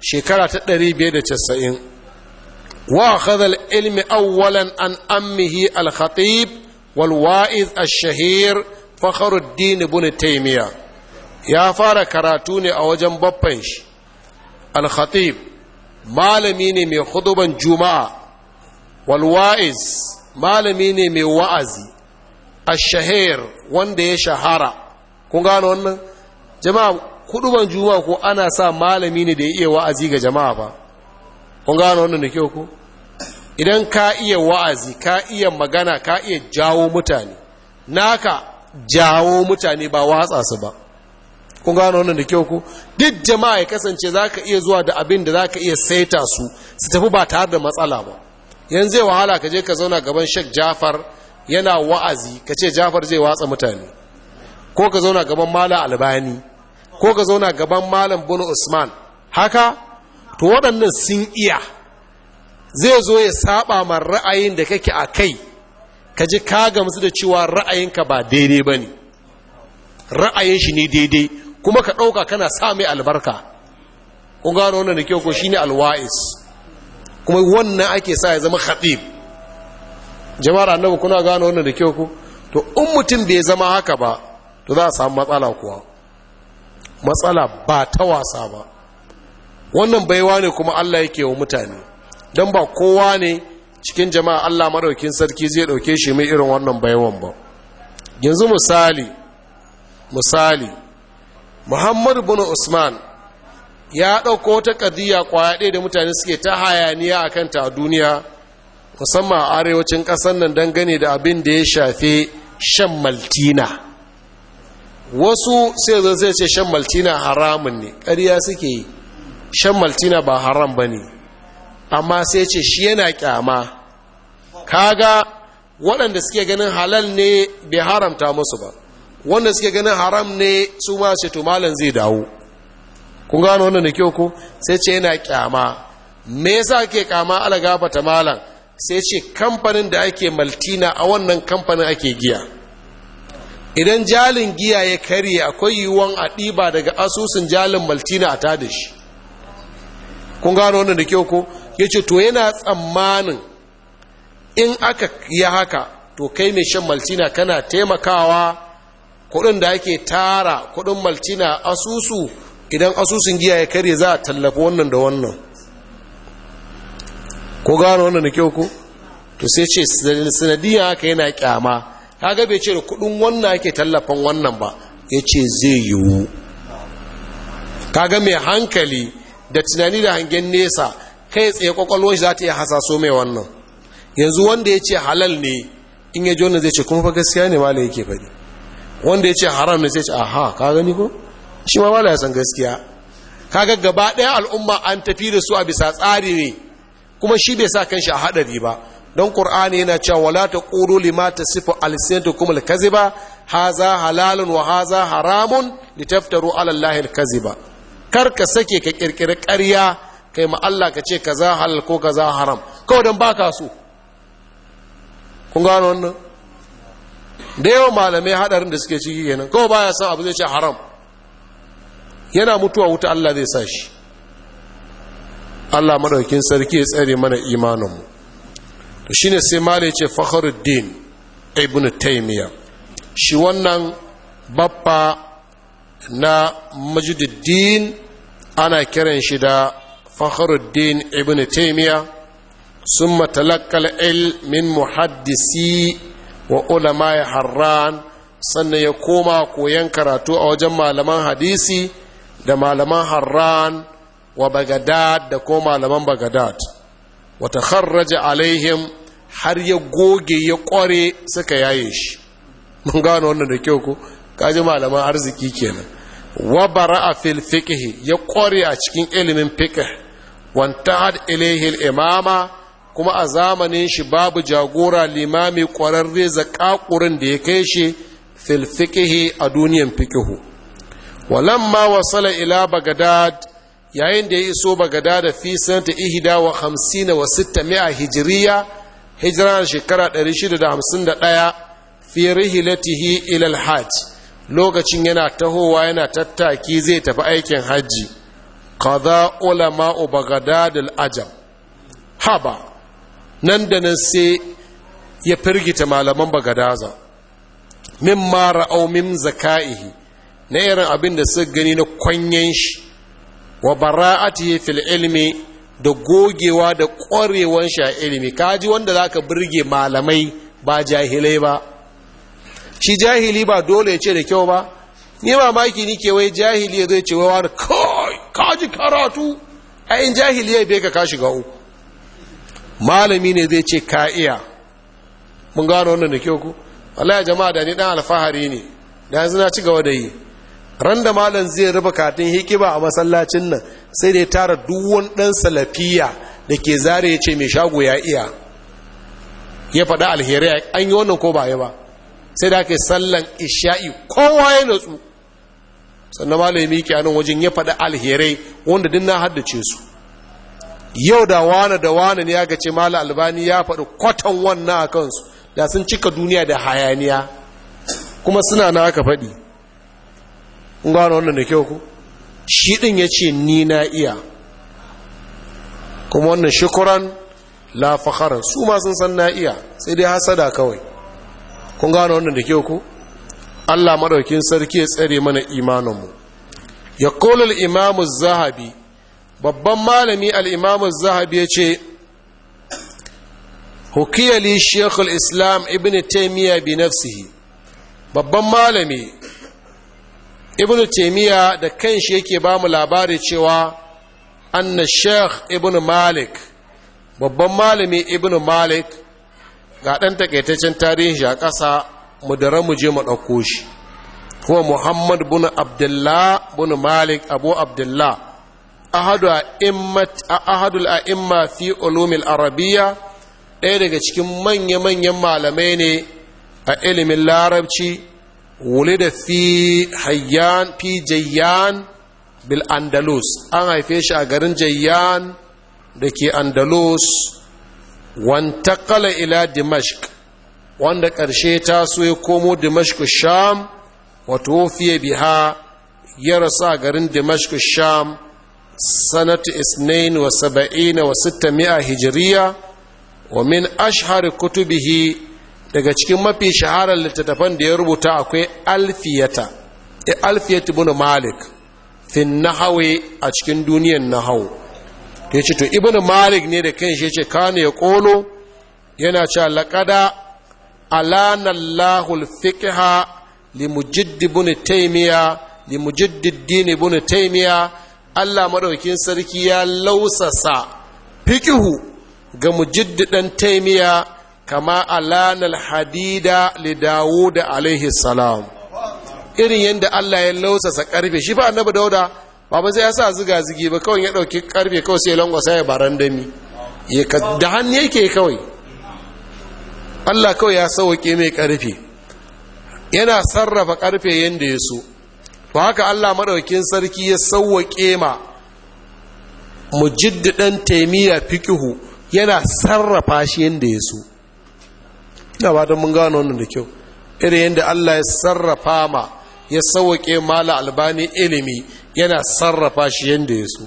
shekara ta 590 wa khadha ilmi awwalan an ammihi al-khatib wal wa'iz ash-shahir fakhruddin ibn ya fara karatu ne a wajen babban shi al-khatib malami ne mai huduban juma'a wal wa'iz malami ne mai wa'azi a shahar wanda ya shahara kun gano wannan jama'a kuduban juma'a ko ana sa malami ne da ya iya wa'azi ga jama'a ba kun gano wannan da kyau ku? idan ka iya wa'azi ka iya magana ka iya jawo mutane naka jawo mutane ba watsa su ba kun gano wannan da kyau ku? duk jama'a ya kasance za ka iya zuwa da abin da za ka iya saita su su tafi ba tare da matsala ba yanzu zai wahala ka je ka zauna gaban Sheikh Jafar yana wa'azi ka ce Jafar zai watsa mutane ko ka zauna gaban Malam Albani ko ka zauna gaban Malam Bono Usman haka to waɗannan sun iya zai zo ya saba ma ra'ayin da kake a kai ka ji ka gamsu da cewa ra'ayinka ba daidai ba ne ra'ayin shi ne daidai kuma ka ɗauka kana sa mai albarka kun gano wannan da kyau ko shi ne alwa'is kuma wannan ake sa ya zama khatib jama'ar annabi kuna gano wannan da kyau ku to in mutum bai zama haka ba to za a samu matsala kuwa matsala ba ta wasa ba wannan baiwa ne kuma Allah yake wa mutane don ba kowa ne cikin jama'a Allah maraukin sarki zai dauke shi mai irin wannan baiwan ba yanzu misali misali Muhammadu bin Usman ya ɗauko wata ƙadiyya kwaya ɗaya da mutane suke ta hayaniya a kanta a duniya musamman a arewacin ƙasar nan dangane da abin da ya shafe shan maltina wasu sai zai zai ce shan maltina haramun ne ƙarya suke yi shan maltina ba haram ba ne amma sai ce shi yana ƙyama kaga waɗanda suke ganin halal ne bai haramta musu ba wanda suke ganin haram ne su ma ce to malam zai dawo kun gano wannan da kyau ko sai ce yana kyama me yasa ake kama ala gafata malam sai ce kamfanin da ake maltina a wannan kamfanin ake giya idan jalin giya ya karye akwai yiwuwan a ɗiba daga asusun jalin maltina a tada shi kun gano wannan da kyau ko ya ce to yana tsammanin in aka yi haka to kai mai shan maltina kana taimakawa kuɗin da ake tara kuɗin maltina asusu idan asusun giya ya kare za a tallafa wannan da wannan ko gano wannan da kyau ko to sai ce sanadiyya haka yana kyama kaga bai ce da kudin wannan ake tallafan wannan ba ya ce zai yiwu ga mai hankali da tunani da hangen nesa kai tsaye kwakwalwa shi za ta iya hasaso mai wannan yanzu wanda ya ce halal ne in ya ji wannan zai ce kuma fa gaskiya ne mala yake faɗi wanda ya ce haram ne zai ce aha ka gani ko shi ma mala ya san gaskiya kaga gaba ɗaya al'umma an tafi da su a bisa tsari ne kuma shi bai sa kanshi a haɗari ba don ƙur'ani yana cewa wala taqulu lima tasifu al-kaziba haza halalun wa haza haramun litaftaru ala allahi kaziba kar ka sake ka kirkira ƙarya kai ma Allah ka ce kaza halal ko kaza haram kawai dan baka su. kun gano wannan da yawan malamai hadarin da suke ciki kenan kawai baya san abu zai ce haram yana mutuwa wuta Allah zai sa shi Allah maɗaukin sarki ya tsare mana imaninmu to shine sai malai ce Fakhruddin ibn Taymiyyah shi wannan bappa na Majduddin ana kiran shi da Fakhruddin ibn Taymiyyah ثم ilmin muhaddisi wa ulama ya harran sannan ya koma koyan karatu a wajen malaman hadisi da malaman harran wa bagadad da ko malaman bagadad wata kharraja alaihim har ya goge ya kware suka yaye shi mun gano wannan da kyau ko kaji malaman arziki kenan wa bara'a fil fiqh ya kware a cikin ilimin fiqh wantahad ilaihi al imama kuma a zamanin shi babu jagora limami kwararre zakakurin da ya kai shi fil fiqh a duniyan fiqh walamma wasala ila bagadad yayin da ya iso bagadada fi sanata ihda wa hamsina wa sitta mi'a hijiriya hijira shekara 651 fi rihilatihi ila alhajj lokacin yana tahowa yana tattaki zai tafi aikin hajji kaza ulama bagadad al-ajam haba nan da nan sai ya firgita malaman bagadaza mimma ra'au min zaka'ihi na irin abin da suka gani na kwanyen shi wa bara'ati fil ilmi da gogewa da ƙwarewan shi a ilimi kaji wanda ka birge malamai ba jahilai ba shi jahili ba dole ya ce da kyau ba ni mamaki ke wai jahili ya zai ce wa wani kai kaji karatu yin jahili ya bai ka ka shiga malami ne zai ce ka iya mun gano wannan da kyau ku wallahi jama'a da ni dan alfahari ne da yanzu na ci gaba da yi Randa da malam zai rufe katin hikima a masallacin nan sai da ya tara duwon ɗan salafiya da ke zare ya ce mai shago ya iya ya faɗa alherai an yi wannan ko ba ya ba sai da aka sallan isha'i kowa ya natsu sannan malami ke anan wajen ya faɗi alherai wanda din na haddace su yau da wane da wane ne ya ce mala albani ya faɗi kwatan wannan a kansu da sun cika duniya da hayaniya kuma suna na aka faɗi kun gano wannan da kyau ku shi din ya ce ni na iya kuma wannan shukuran la fakharan su ma sun san na iya sai dai hasada kawai kun gano wannan da kyau ku Allah madaukin sarki ya tsare mana imanin mu ya qulul imamu zahabi babban malami al-imamu zahabi ya ce hukiya li shekul islam ibn taimiyya bi nafsihi babban malami ibn taimiyya da kanshi yake ba mu labari cewa anna sheikh ibn malik babban malami ibn malik ga ɗan takaitaccen tarihi a ƙasa mu da mu je mu ɗauko shi kuma muhammad bin abdullah bin malik abu abdullah ahadu a imma fi ulumil arabiya ɗaya daga cikin manya-manyan malamai ne a ilimin larabci wulida fi hayyan fi jayyan bil andalus an haife shi a garin jayyan da ke andalus wantakala ila dimashq wanda ƙarshe ta so ya komo dimashq sham wato fiye biha ya rasu a garin dimashq sham sanatu isnain wa saba'ina wa sitta mi'a hijiriya wa min ashhar kutubihi daga cikin mafi shaharar littattafan da ya rubuta akwai alfiyata e, alfiyat ibn malik fin nahawi a cikin duniyan nahawu ya ce to ibn malik ne da kan ya ce kano ya kolo yana ce laƙada alanallahul fiqha limujid ibn taymiya limujiddid din ibn taymiya Allah madaukin sarki ya lausasa fiqhu ga ɗan taymiya kama alanal hadida لداود عليه السلام irin yadda Allah ya lausasa karfe shi fa annabi dauda ba ba sai ya sa ziga zigi ba kawai ya dauki karfe kawai sai langwasa ya baran dami da hannu yake kawai Allah kawai ya sauke mai karfe yana sarrafa karfe yadda ya so to haka Allah madaukin sarki ya sauke ma mujaddidan taimiyya fikihu yana sarrafa shi yadda ya so da ba don mun gano wannan da kyau irin yadda Allah ya sarrafa ma ya sauke mala albani ilimi yana sarrafa shi yadda ya so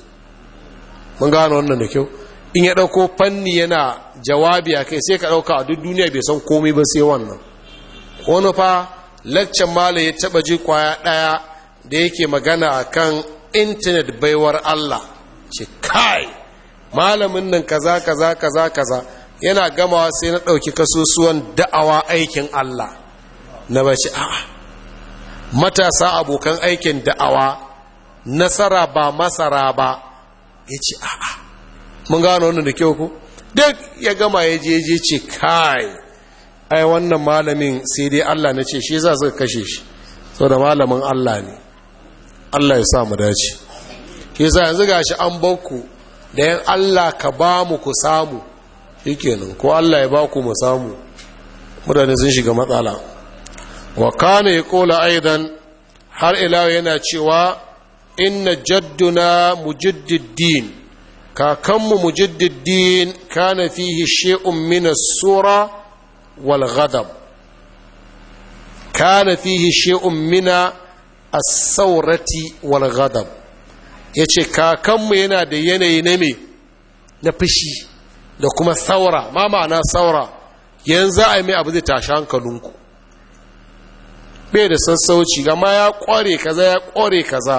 mun gano wannan da kyau in ya ɗauko fanni yana jawabi a kai sai ka ɗauka a duk duniya bai san komai ba sai wannan wani fa laccan mala ya taɓa ji kwaya ɗaya da yake magana a kan intanet baiwar Allah ce kai malamin nan kaza kaza kaza kaza yana gamawa sai na ɗauki kasusuwan da'awa aikin Allah na bashi a'a matasa abokan aikin da'awa nasara ba masara ba ya ce a'a mun gano wannan da kyau ku duk ya gama ya je je ce kai ai wannan malamin sai dai Allah na ce shi za su kashe shi da malamin Allah ne Allah ya sa mu dace Ke sa yanzu gashi an bauku da yan Allah ka ba mu ku samu shikenan ko Allah ya baku mu samu mutane sun shiga matsala wa kana yaqula aidan har ila yana cewa inna jadduna mujaddiddin kakanmu mujaddiddin kana fihi shay'un min as-sura wal ghadab kana fihi shay'un min as wal ghadab yace kakanmu yana da yanayi na me na fushi da kuma saura ma ma'ana saura yanzu a yi mai abu zai tashi hankalinku bai da sassauci gama ya kware kaza ya kware kaza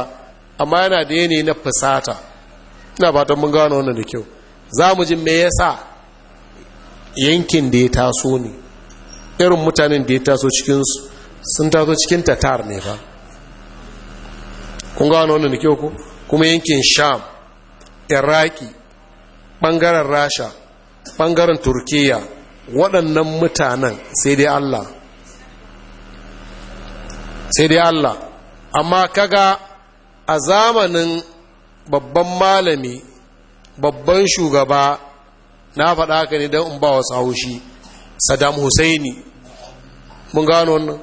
amma yana da yanayi na fusata ina ba mun gano wannan da kyau za mu ji me yasa yankin da ya taso ne irin mutanen da ya taso cikinsu sun taso cikin tatar ne ba kun gano wannan da kyau ku kuma yankin sham iraki ɓangaren rasha Bangaren turkiya waɗannan mutanen sai dai allah sai dai allah amma kaga a zamanin babban malami babban shugaba na faɗa ka ne don in ba wasu haushi saddam husaini mun gano wannan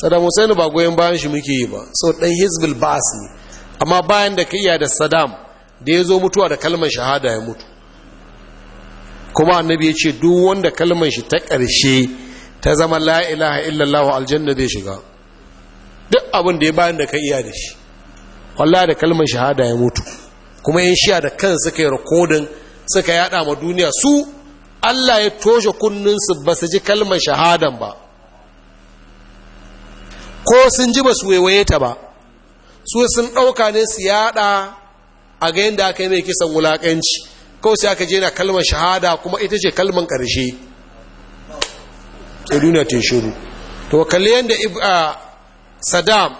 saddam husaini ba goyon bayan shi muke yi ba so ɗan hizbul ba'as ne amma bayan da ka iya da saddam da ya zo mutuwa da kalmar shahada ya mutu kuma annabi ya ce duk wanda kalmar shi ta ƙarshe ta zama la ilaha illallah aljanna zai shiga duk abin da ya bayan da ka iya da shi wallahi da kalmar shahada ya mutu kuma yan shiya da kan suka yi rikodin suka yada ma duniya su Allah ya toshe kunninsu ba su ji kalmar shahadan ba ko sun ji ba su waiwaye ta ba su sun ɗauka ne su yada a ga yadda aka yi mai kisan wulaƙanci kawai sai aka je na kalmar shahada kuma ita ce kalmar ƙarshe a duniya ta shiru to kalli yadda saddam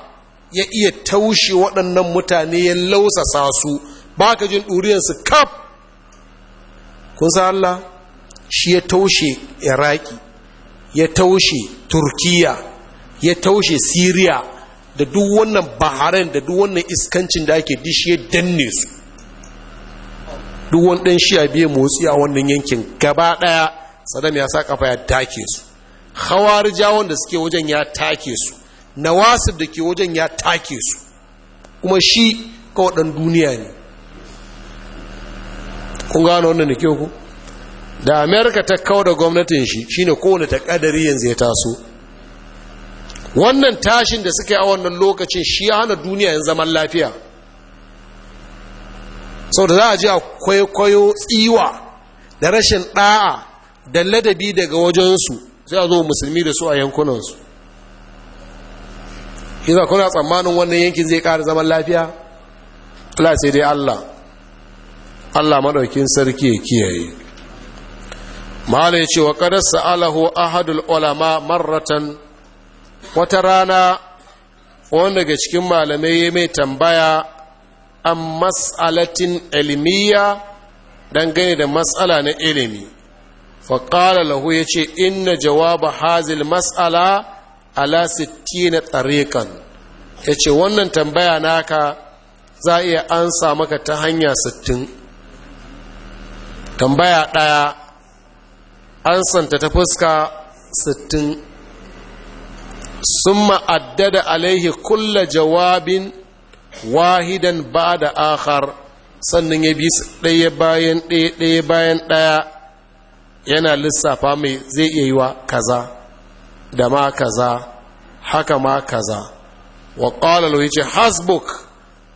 ya iya taushe waɗannan mutane ya lausasa su ba ka jin ɗuriyarsu kaf kun sa Allah shi ya taushe iraki ya taushe turkiya ya taushe siriya da duk wannan baharan da duk wannan iskancin da ake dishi ya danne su duk wani ɗan shiya biya motsi a wannan yankin gaba ɗaya sadam ya sa kafa ya take su hawarijawan da suke wajen ya take su nawasib da ke wajen ya take su kuma shi kawai ɗan duniya ne kun gano wannan da ke ku da amerika ta kawo da gwamnatin shi shine kowane ta kadari yanzu ya taso wannan tashin da suka yi a wannan lokacin shi ya hana duniya yin zaman lafiya sau da za a ji a kwaikwayo tsiwa da rashin ɗa'a da ladabi daga wajensu sai a zo musulmi da su a yankunansu iza kuna tsammanin wannan yankin zai ƙara zaman lafiya Allah sai dai Allah Allah maɗaukin sarki ya kiyaye Malam ya ce wa ƙadar sa'alahu ahadul ulama marratan wata rana wanda daga cikin malamai ya mai tambaya an mas'alatin ilmiya dangane da matsala na ilimi faƙala lahu ya ce inna jawaba hazil mas'ala ala sittina tariqan ya ce wannan tambaya naka za a iya ansa maka ta hanya sittin tambaya ɗaya ansanta ta fuska sittin Sun ma'addada alaihi kulla jawabin wahidan ba da akhar sannan ya bi ɗaya bayan ɗaya ɗaya bayan ɗaya yana lissafa mai zai iya yi wa kaza da ma kaza haka ma kaza wa ƙalalo ya ce hasbuk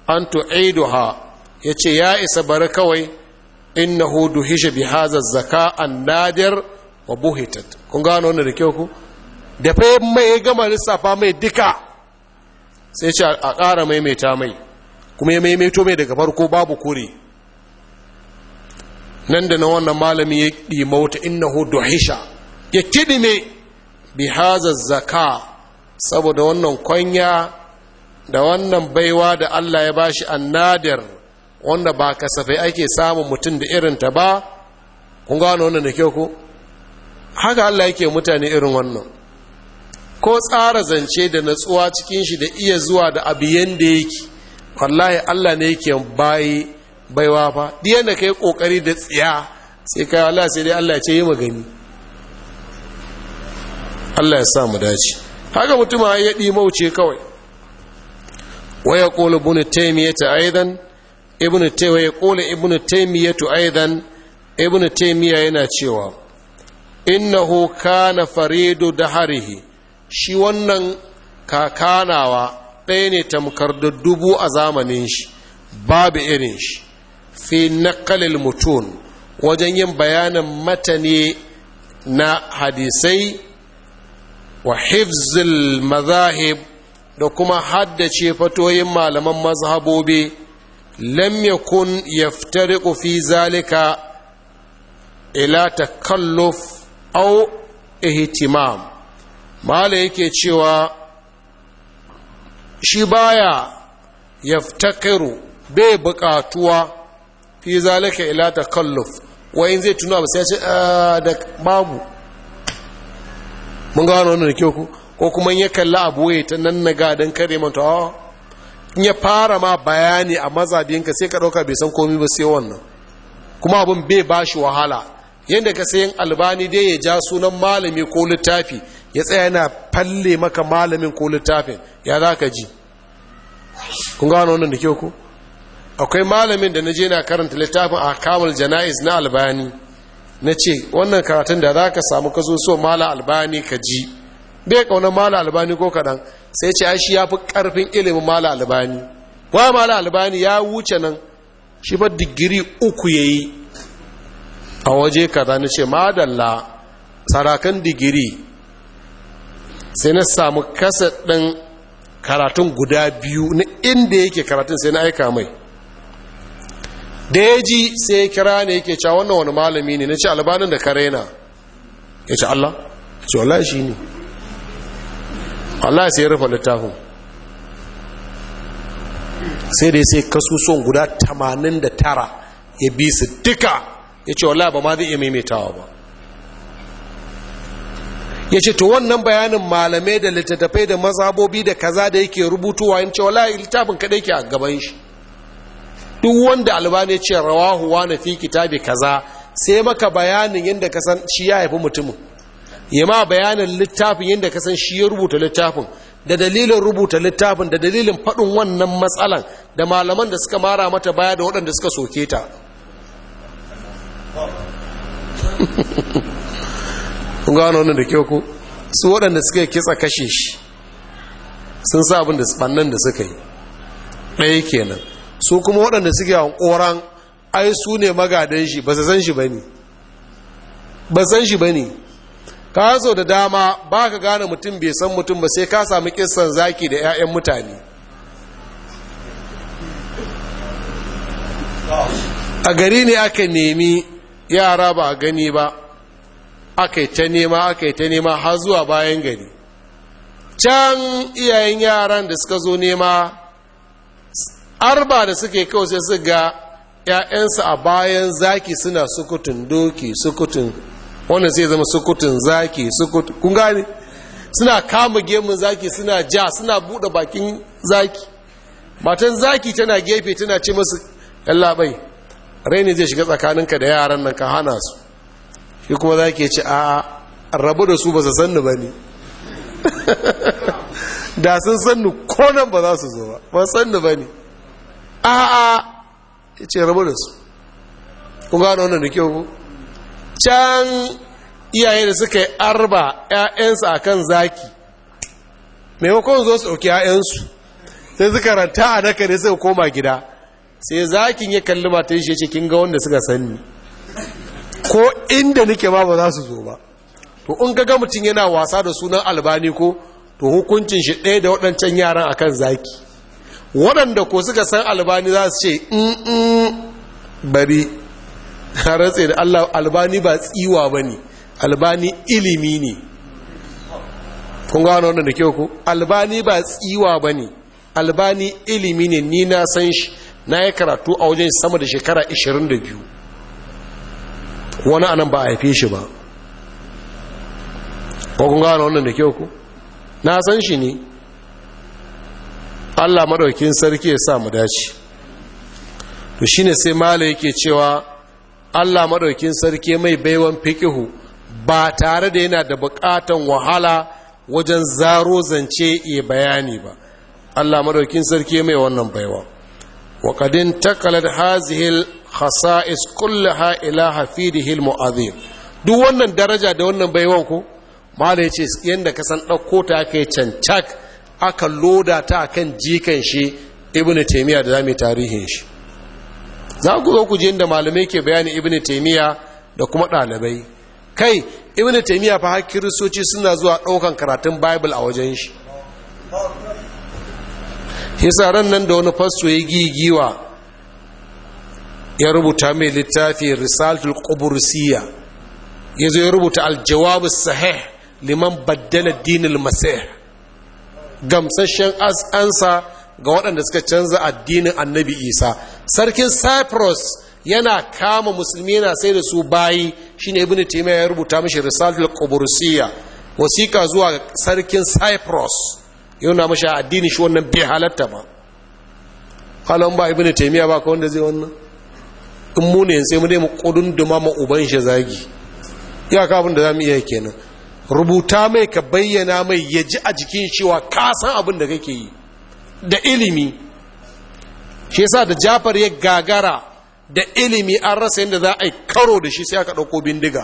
an tu'iduha ya ce ya isa bari kawai hudu hishe bi haza zaka an nadir wa buhitat kun gano wani da kyau ku da fa mai gama lissafa mai duka sai ce a ƙara maimaita mai kuma ya maimaito mai daga farko babu kure nan da na wannan malami ya ɗima ina hudu duhisha ya kidime bi haza zaka saboda wannan kwanya da wannan baiwa da Allah ya bashi annadir wanda ba kasafai ake samun mutum da irinta ba kun gano wannan da kyau ku. haka Allah yake mutane irin wannan ko tsara zance da natsuwa cikin shi da iya zuwa da abu yadda yake wallahi Allah ne yake bayi baiwa fa diyan da kai kokari da tsiya sai kai Allah sai dai Allah ya ce yi magani Allah ya sa mu dace haka mutum ya yi mauce kawai wa yaqulu ibn taymiyah aidan ibn taymiyah yaqulu ibn taymiyah aidan ibn taymiyah yana cewa innahu kana faridu daharihi shi wannan kakanawa ɗaya ne tamkar da dubu a zamanin shi babu irin shi fi nakalil mutum wajen yin bayanin matane na hadisai wa hifzil mazahib da kuma haddace fatoyin malaman mazhabobi lam yakun yaftariqu fi zalika ila takalluf aw ihtimam mala yake cewa shi baya ya yaftakiru bai bukatuwa fi zalika ila ta wa wayan zai tuna ba sai ce ah, da babu mun gano wannan kyau ko kuma ya kalla abu ya ta nan na gadon kare manta a ah. ya fara ma bayani a mazabinka sai ka ɗauka bai san komi ba sai wannan kuma abin bai ba shi wahala yadda ka sayan albani dai ya ja sunan malami ko littafi ya tsaya yana falle maka malamin ko littafin ya za ka ji kun gano wannan da kyau ku akwai malamin da na je na karanta littafin a kamar jana'iz na albani na ce wannan karatun da za ka samu ka zo so mala albani ka ji bai kaunar mala albani ko kaɗan sai ce shi ya fi ƙarfin ilimin mala albani wa mala albani ya wuce nan shi ba digiri uku ya yi a waje kaza na ce madalla sarakan digiri sai na samu kasa ɗin karatun guda biyu na inda yake karatun sai na aika mai da ya ji sai ya kira ne yake cewa wannan wani malami ne na ce albanin da karena ya ce Allah ce Allah shi ne Allah sai ya rufe littafin sai da ya sai kasusuwan guda 89 ya bi su duka ya ce wallah ba ma zai iya maimaitawa ba ya ce to wannan bayanin malamai da littattafai da mazabobi da kaza da yake rubutuwa yin cewa layi littafin kaɗai ke a gaban shi duk wanda albani ce rawahu wani fi kitabi kaza sai maka bayanin yadda ka san shi ya haifi mutumin ya ma bayanin littafin yadda ka san shi ya rubuta littafin da dalilin rubuta littafin da dalilin faɗin wannan matsalan da malaman da suka mara mata baya da waɗanda suka soke ta [LAUGHS] kun gano wannan da kyau ko su waɗanda suka yi kitsa kashe shi sun sa abin da spannan da suka yi ɗaya kenan su kuma waɗanda suke ƙoran ai su ne magadan shi ba su san shi ba ne ka so da dama ba ka gane mutum bai san mutum ba sai ka sami kissan zaki da 'ya'yan mutane a gari ne aka nemi yara ba gani ba aka yi ta nema aka yi ta nema har zuwa bayan gari can iyayen yaran da suka zo nema arba da suke kawai sai su ga ‘ya'yansu a bayan zaki suna sukutun doki sukutun wanda sai zama sukutun zaki sukutun kun gane suna kama gemun zaki suna ja suna buɗe bakin zaki matan zaki tana gefe tana ce masu Yallaɓai rai ne zai shiga tsakaninka da yaran nan ka hana su shi kuma za ke ci a rabu da su ba su sannu ba ne [LAUGHS] da sun sannu konan ba za su zo ba ba sannu ba ne a a ya ce rabu da su kun gano wannan da kyau ku can iyaye da suka yi arba 'ya'yansu a kan zaki maimakon zo su ɗauki 'ya'yansu sai suka ranta a naka ne suka koma gida sai zakin ya kalli matan shi ya ce kin ga wanda suka sanni ko inda nake ba ba za su zo ba to in ga mutum yana wasa da sunan albani ko to hukuncin shi ɗaya da waɗancan yaran akan zaki waɗanda ko suka san albani za su ce in mm, mm, bari rantse da allah albani ba tsiwa ba ne albani ilimi ne kun gano wanda da kyau ku albani ba tsiwa ba ne albani ilimi ne ni na san shi na yi karatu a wajen sama da shekara 22 wani anan ba a haife shi ba ko kun gano wannan da kyau ku na san shi ne Allah maɗaukin sarki ya sa mu dace to shine sai mala yake cewa Allah madaukin sarki mai baiwan fiƙihu ba tare da yana da bukatan wahala wajen zaro zance ya bayani ba Allah madaukin sarki mai wannan baiwan. وقد انتقلت هذه الخصائص كلها الى حفيده المؤذن duk wannan daraja da wannan baiwan ko malai ce yanda ka san dauko ta aka yi cancak aka loda ta kan jikan shi ibnu taymiya da zamu tarihin shi za ku zo ku je inda malamai ke bayani ibnu taymiya da kuma ɗalibai kai ibnu taymiya fa har kiristoci suna zuwa daukan karatun bible a wajen shi hisa ran nan da wani fasto ya gigiwa ya rubuta mai littafi risalatul qubrusiyya ya zo ya rubuta aljawabu sahih liman baddala dinil masih gamsashen ansa ga waɗanda suka canza addinin annabi isa sarkin cyprus yana kama musulmi yana sai da su bayi shine ibn taymiya ya rubuta mishi risalatul qubrusiyya wasiƙa zuwa sarkin cyprus yau na a addini shi wannan bai halatta ba halon ba ibini taimiyya ba ka wanda zai wannan in mu ne sai mu nemi kudin duma ma uban shi zagi ya ka abin da za mu iya kenan rubuta mai ka bayyana mai ya ji a jikin cewa kasan abin da kake yi da ilimi shi yasa da jafar ya gagara da ilimi an rasa yadda za a yi karo da shi sai aka ɗauko bindiga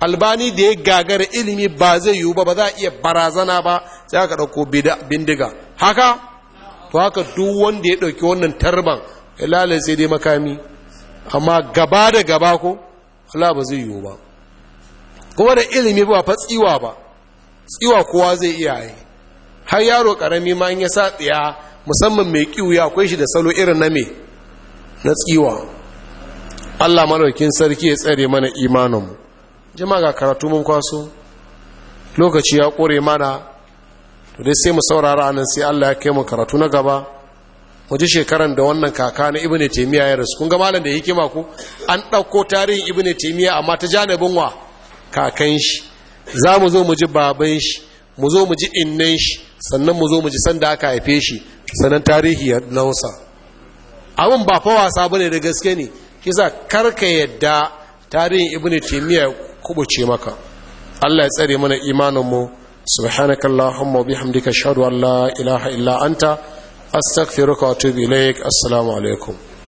albani da ya gagara ilimi ba zai yiwu ba ba za a iya barazana ba sai aka ɗauko bindiga haka to haka duk wanda ya ɗauki wannan tarban ilalai sai dai makami amma gaba da gaba ko Allah ba zai yiwu ba kuma da ilimi ba fa tsiwa ba tsiwa kowa zai iya yi har yaro karami ma in ya sa tsiya musamman mai ya akwai shi da salo irin na me na tsiwa Allah maraukin sarki ya tsare mana imaninmu jima ga karatu mun kwaso lokaci ya kore mana to dai sai mu saurara anan sai Allah ya kai mu karatu na gaba mu ji shekaran da wannan kaka na ibnu taymiya ya rasu kun ga malam da hikima ku an ɗauko tarihin ibnu taymiya amma ta janibin wa kakan shi za mu zo mu ji baban shi mu zo mu ji innan shi sannan mu zo mu ji sanda aka haife shi sannan tarihi ya nausa abin ba fa wasa bane da gaske ne kisa karka yadda tarihin ibnu taymiya kubuce maka Allah ya tsare mana imaninmu subhanakallahumma bihamdika ashhadu an la ilaha illa anta astaghfiruka wa atubu ilaik assalamu alaikum